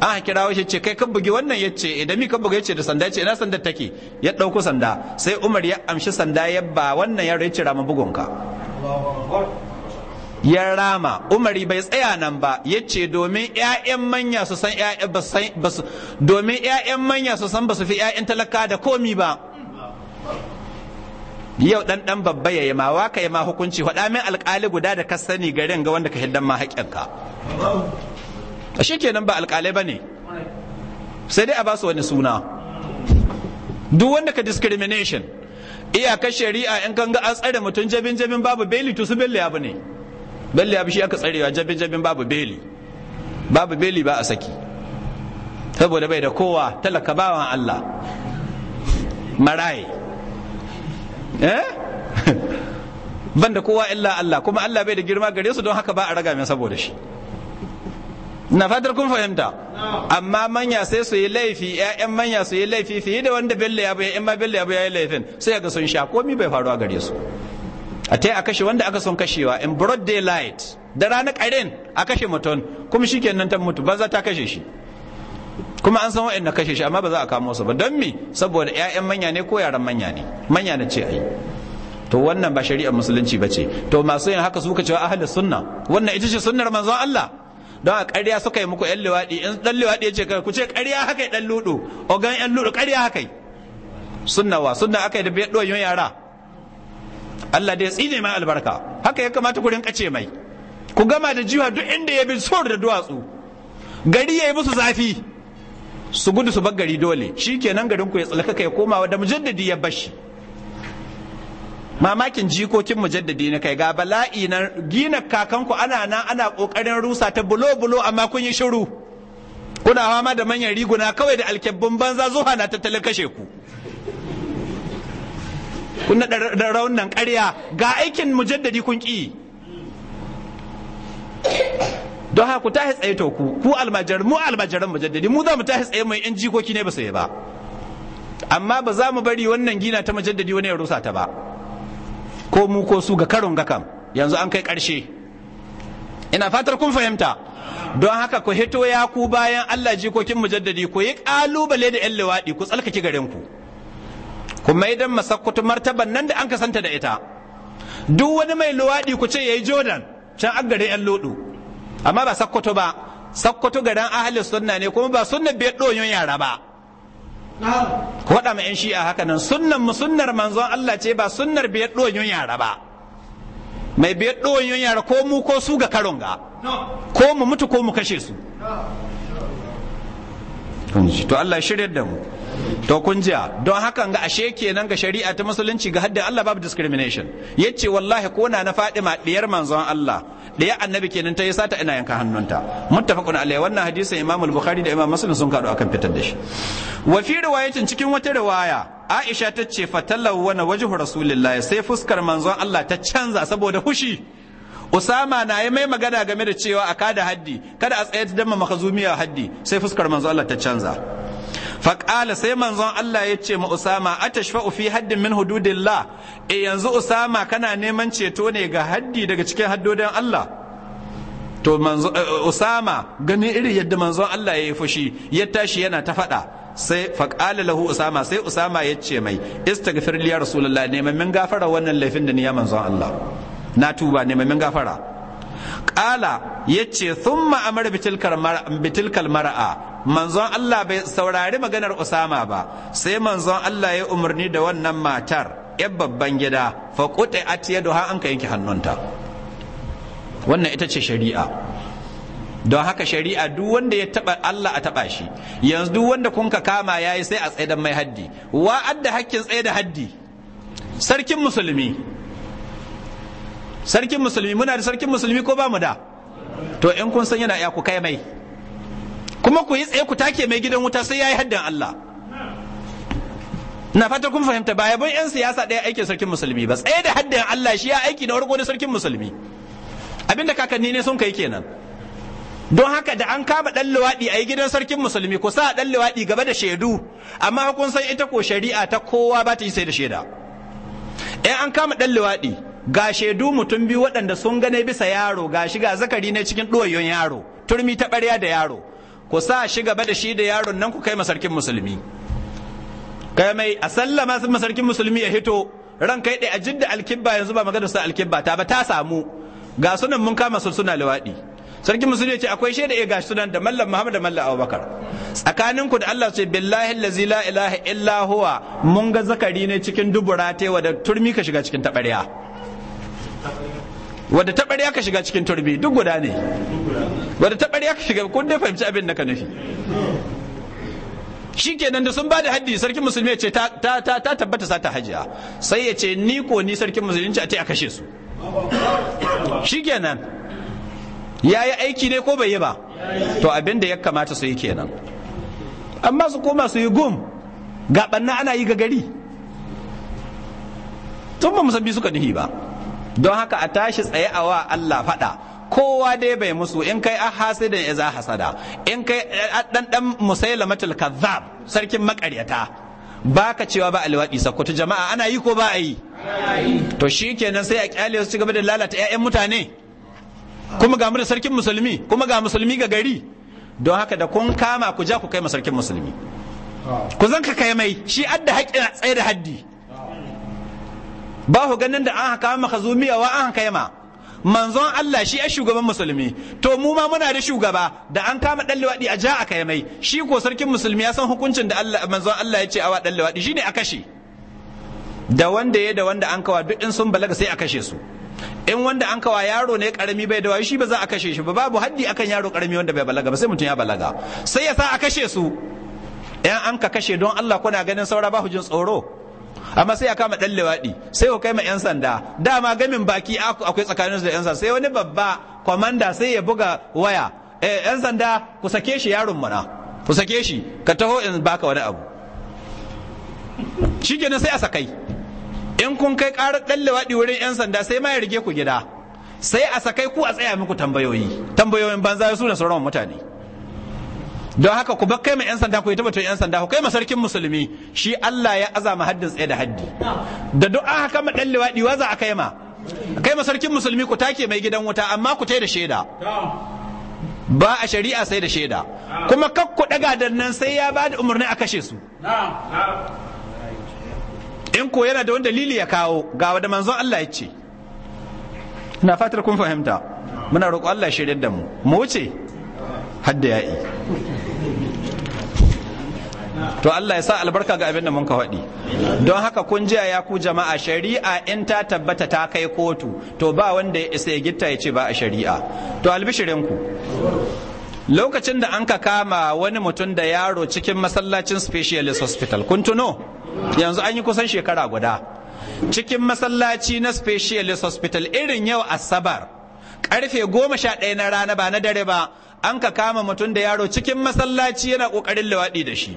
an kirawo shi ce kai ka bugi wannan ya ce. idan eh, mi ka ya ce da sanda ya ce ina sandar take ya ɗauko sanda sai umar ya amshi sanda ya ba wannan yaro ce rama bugunka ya rama umari bai tsaya nan ba ya ce domin 'ya'yan manya su san 'ya'yan domin 'ya'yan manya su san ba su fi 'ya'yan talaka da komi ba yau dan dan babba ya ma wa ka ma hukunci faɗa min alƙali guda da ka sani garin ga wanda ka hiddan ma haƙƙinka shikenan ba alƙalai bane sai dai a ba su wani suna duk wanda ka discrimination iyakar shari'a in kan ga an tsare mutum jabin jabin babu beli to su belli abu ne belli abu shi aka tsarewa jabin jabin babu beli babu beli ba a saki saboda bai da kowa talaka bawan Allah maraye Eh? ban da kowa illa Allah kuma Allah bai da girma gare su don haka ba a raga mai saboda shi na fatar kun fahimta amma manya sai su yi laifi ƴaƴan manya su yi laifi fiye da wanda bello ya bai ma bello ya bai yi laifin sai ga sun sha komi bai faruwa gare su a tai a kashe wanda aka son kashewa in broad daylight da ranar karen a kashe mutum kuma shikenan ta mutu za ta kashe shi kuma an san wa'anda kashe shi amma ba za a kamo su ba don me saboda 'ya'yan manya ne ko yaran manya ne manya na ce ayi to wannan ba shari'ar musulunci ba ce to masu yin haka suka cewa ahli sunna wannan ita ce sunnar manzon Allah don a ƙarya suka yi muku ƴan liwaɗi in ɗan liwaɗi ya ce ku ce ƙarya haka ɗan luɗu ogan ƴan luɗu ƙarya haka sunna wa sunna aka yi da biyar ɗoyon yara Allah da ya tsine mai albarka haka ya kamata ku rinƙa ce mai ku gama da jiwa duk inda ya bi sor da duwatsu gari ya yi musu zafi su gudu su gari dole shi kenan garin ku ya tsalkaka ya komawa da mujaddadi ya bashi mamakin jikokin mujaddadi na kai ga bala'i na gina kakanku ana nan ana kokarin rusa ta bulo bulo amma kun yi shiru kuna fama da manyan riguna kawai da alkebbun banza zuwa na tattalin kashe ku kun da raunin ƙarya ga aikin mujaddadi kun ƙi don haka ku tahi tsaye to ku ku almajiran mu almajiran mujaddadi mu za mu tahi tsaye mai yan jikoki ne ba sai ba amma ba za mu bari wannan gina ta mujaddadi wani ya rusa ta ba ko mu ko su ga karon ga kam yanzu an kai karshe ina fatar kun fahimta don haka ku hito ya ku bayan Allah jikokin mujaddadi ku yi kalubale da 'yan luwaɗi, ku tsalkake garin ku ku maidan masakkutu martaban nan da an kasanta da ita duk wani mai luwaɗi ku ce ya yi jordan can agare garin 'yan lodu amma ba sakkwato ba sakkwato garin ahalin sunna ne kuma ba sunnar bai ɗoyon yara ba Ko da ma'in 'yan shi'a haka nan sunnar mu sunnar manzon Allah ce ba sunnar bai ɗoyon yara ba mai bai ɗoyon yara ko mu ko su ga karon ga ko mu mutu ko mu kashe su to Allah shirya da mu to kun jiya don haka ga ashe kenan ga shari'a ta musulunci ga haddin Allah babu discrimination yace wallahi ko na na Fadima diyar manzon Allah Da ya annabi kenan ta yi sata ina yanka hannunta muttafaqun alaihi wannan hadisin imam al-bukhari da imam muslim sun kaɗu akan fitar da shi wa fi riwayatin cikin wata riwaya aisha ta ce fatallawwana wajhu rasulillahi sai fuskar manzon Allah ta canza saboda fushi. Usama na yi mai magana game da cewa a kada haddi kada a tsaye ta damma makazumiya haddi sai fuskar manzo Allah ta canza faƙala sai manzon Allah ya ce ma Usama A atashfa'u fi haddin min hududillah e yanzu Usama kana neman ceto ne ga haddi daga cikin haddodin Allah to manzo eh, Usama gani iri yadda manzon Allah ya yi fushi ya tashi yana ta faɗa sai faƙala lahu Usama sai Usama ya ce mai istaghfir li ya rasulullah neman min gafara wannan laifin da ni ya manzon Allah na tuba neman min gafara Ƙala ya ce sun ma'amar bitilkal mara'a manzon Allah bai saurari maganar Usama ba sai manzon Allah ya umarni da wannan matar yan babban gida fa kutai atiya doha an ka yanke hannunta wannan ita ce shari'a don haka shari'a duk wanda ya taba Allah a taba shi yanzu duk wanda kun ka kama yayi sai a tsaidan mai haddi wa adda hakkin tsaida haddi sarkin musulmi sarkin musulmi muna da sarkin musulmi ko ba mu da to in kun san yana ya ku kai mai kuma ku yi tsaye ku take mai gidan wuta sai yayi haddan Allah na fata kun fahimta ba yabon yan siyasa ɗaya aikin sarkin musulmi ba tsaye da haddan Allah shi ya aiki na farko na sarkin musulmi abinda kakanni ne sun kai kenan don haka da an kama ɗan luwaɗi a yi gidan sarkin musulmi ku sa ɗan luwaɗi gaba da shaidu amma kun san ita ko shari'a ta kowa ba ta yi sai da shaida Yan an kama ɗan luwaɗi ga shaidu mutum biyu waɗanda sun gane bisa yaro ga shi ga zakari na cikin ɗuwayon yaro turmi ta ɓarya da yaro ku sa shi gaba da shi da yaron nan ku kai masarkin musulmi kai mai a sallama sun masarkin musulmi ya hito ran kai ɗaya a jidda alkibba yanzu ba magana sa alkibba ta ba ta samu ga sunan mun kama su suna liwaɗi sarkin musulmi ya ce akwai shaida ya eh, gashi sunan da mallam muhammad da mallam abubakar tsakanin ku da allah ce billahi allazi la ilaha illa huwa mun ga zakari ne cikin dubura tewa da turmi ka shiga cikin taɓarya wadda taɓarya ka shiga cikin turmi duk guda ne ba da taɓarya aka shiga kun dai fahimci abin da ka nufi shi kenan da sun ba da haddi sarkin musulmi ya ce ta tabbata sa ta hajiya sai ya ce ni ko ni sarkin musulmi ce a ce a kashe su shi kenan ya yi aiki ne ko bai yi ba to abin da ya kamata su yi kenan amma su koma su yi gum na ana yi ga gari tun ba musabbi suka nihi ba don haka a tashi tsaye a wa Allah faɗa kowa dai bai musu in kai a hasidin iza hasada in kai dan eh, dan musailamatul kazzab sarkin makaryata baka cewa ba alwadi sakkwato jama'a ana yi ko ba a yi to shikenan sai a kyale su gaba da lalata ƴaƴan mutane kuma ga mu da sarkin musulmi kuma ga musulmi ga gari don haka da kun kama ku ja ku kai sarkin musulmi ku zan ka kai mai shi adda haƙƙin tsaye da haddi ba ku ganin da an haka maka zumiya wa an haka yama manzon Allah shi ya shugaban musulmi to mu ma muna da shugaba da an kama dan liwadi a ja a kai mai shi ko sarkin musulmi ya san hukuncin da Allah manzon Allah ya ce awa dan liwadi shine a kashe da wanda ya da wanda an kawa duk in sun balaga sai a kashe su in wanda an kawa yaro ne karami bai da shi ba za a kashe shi ba babu haddi akan yaro karami wanda bai balaga ba sai mutum ya balaga sai ya sa a kashe su yan an ka kashe don Allah kuna ganin saura ba hujin tsoro amma sai a kama dan lewaɗi sai ku kai ma yan sanda dama gamin baki akwai tsakaninsu da yan sanda sai wani babba kwamanda sai ya buga waya eh, yan sanda ku sake shi yaron mana ku sake shi ka taho in baka wani abu shi kenan sai a sakai in kun kai karar dan lewaɗi wurin yan sanda sai ma ya rige ku gida sai a sakai ku a tsaya muku tambayoyi tambayoyin banza su ne sauran mutane don haka ku bar kai ma 'yan sanda ku yi tabbatar 'yan sanda ku kai ma sarkin musulmi shi Allah ya azama haddin tsaye da haddi da duk an haka ma dan liwaɗi wa za a kai ma kai ma sarkin musulmi ku take mai gidan wuta amma ku tai da shaida ba a shari'a sai da shaida kuma kak ku daga da nan sai ya ba da umarni a kashe su in ko yana da wani dalili ya kawo ga wanda manzon Allah ya ce ina fatar kun fahimta muna roƙo Allah ya shirya da mu mu wuce hadda ya'i to Allah ya sa albarka ga abin da mun ka faɗi don haka kun jiya ya ku jama'a shari'a in ta tabbata ta kai kotu to ba wanda ya isa ya gitta ya ce ba a shari'a to albishirin ku lokacin da an ka kama wani mutum da yaro cikin masallacin specialist hospital kun tuno yanzu an yi kusan shekara guda cikin masallaci na specialist hospital irin yau asabar karfe goma sha ɗaya na rana ba na dare ba an ka kama mutum da yaro cikin masallaci yana ƙoƙarin lawaɗi da shi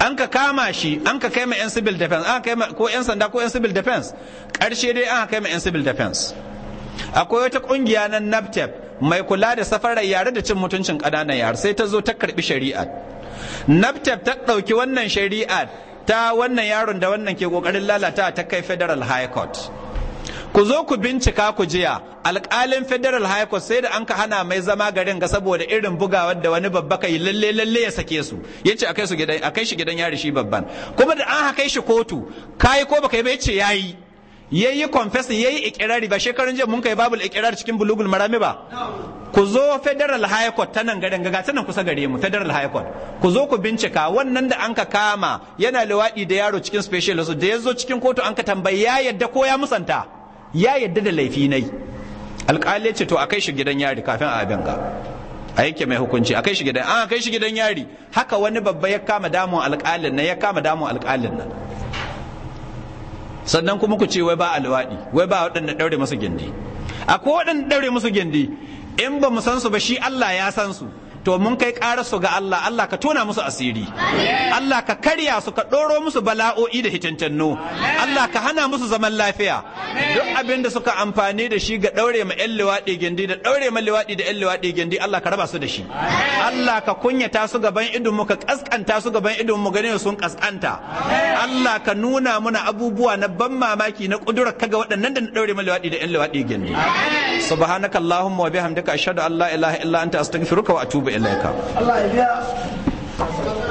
an ka kama shi an ka kai ma yan civil defense an kai ko yan sanda ko yan civil defense karshe dai an kai ma yan civil defense akwai wata kungiya na naptep mai kula da safarar yare da cin mutuncin ƙananan yare sai ta zo ta karbi shari'a naptep ta ɗauki wannan shari'a ta wannan yaron da wannan ke ƙoƙarin lalata ta kai federal high court ku zo ku bincika ku jiya alƙalin federal high court sai da an ka hana mai zama garin ga saboda irin bugawar da wani babba kai lalle lalle ya sake su yace akai su gidan akai shi gidan yari shi babban kuma da an haka shi kotu kai ko baka yi ba yace yayi yayi confessing yayi ikirari ba shekarun jiya mun kai babul ikirar cikin bulugul marami ba ku zo federal high court ta nan garin gaga nan kusa gare mu federal high court ku zo ku bincika wannan da anka kama yana luwaɗi da yaro cikin special da ya zo cikin kotu anka tambayi ya yadda ko ya musanta ya yadda da laifi na yi. alƙali ce to a kai shi gidan yari kafin a abin ga a yake mai hukunci a kai shi gidan an ah, kai shi gidan yari haka wani babba ya kama damun alƙalin nan ya kama damun alƙalin nan sannan kuma ku ce wai ba alwaɗi wai ba waɗanda ɗaure musu gindi akwai waɗanda ɗaure musu gindi in ba mu san su ba shi Allah ya san su to mun kai su ga Allah Allah ka tona musu asiri Allah ka karya su ka ɗoro musu bala'o'i da hitintanno Allah ka hana musu zaman lafiya duk abin da suka amfani da shi ga ɗaure ma ƴan liwaɗi gindi da ɗaure ma liwaɗi da ƴan liwaɗi gindi Allah ka raba su da shi Allah ka kunyata su gaban idon mu ka kaskanta su gaban idon mu gane sun kaskanta Allah ka nuna muna abubuwa na ban mamaki na kudura kaga waɗannan da na ɗaure ma liwaɗi da ƴan liwaɗi gindi subhanakallahumma wa bihamdika ashhadu an la ilaha illa anta astaghfiruka wa atubu ilaika Allah ya biya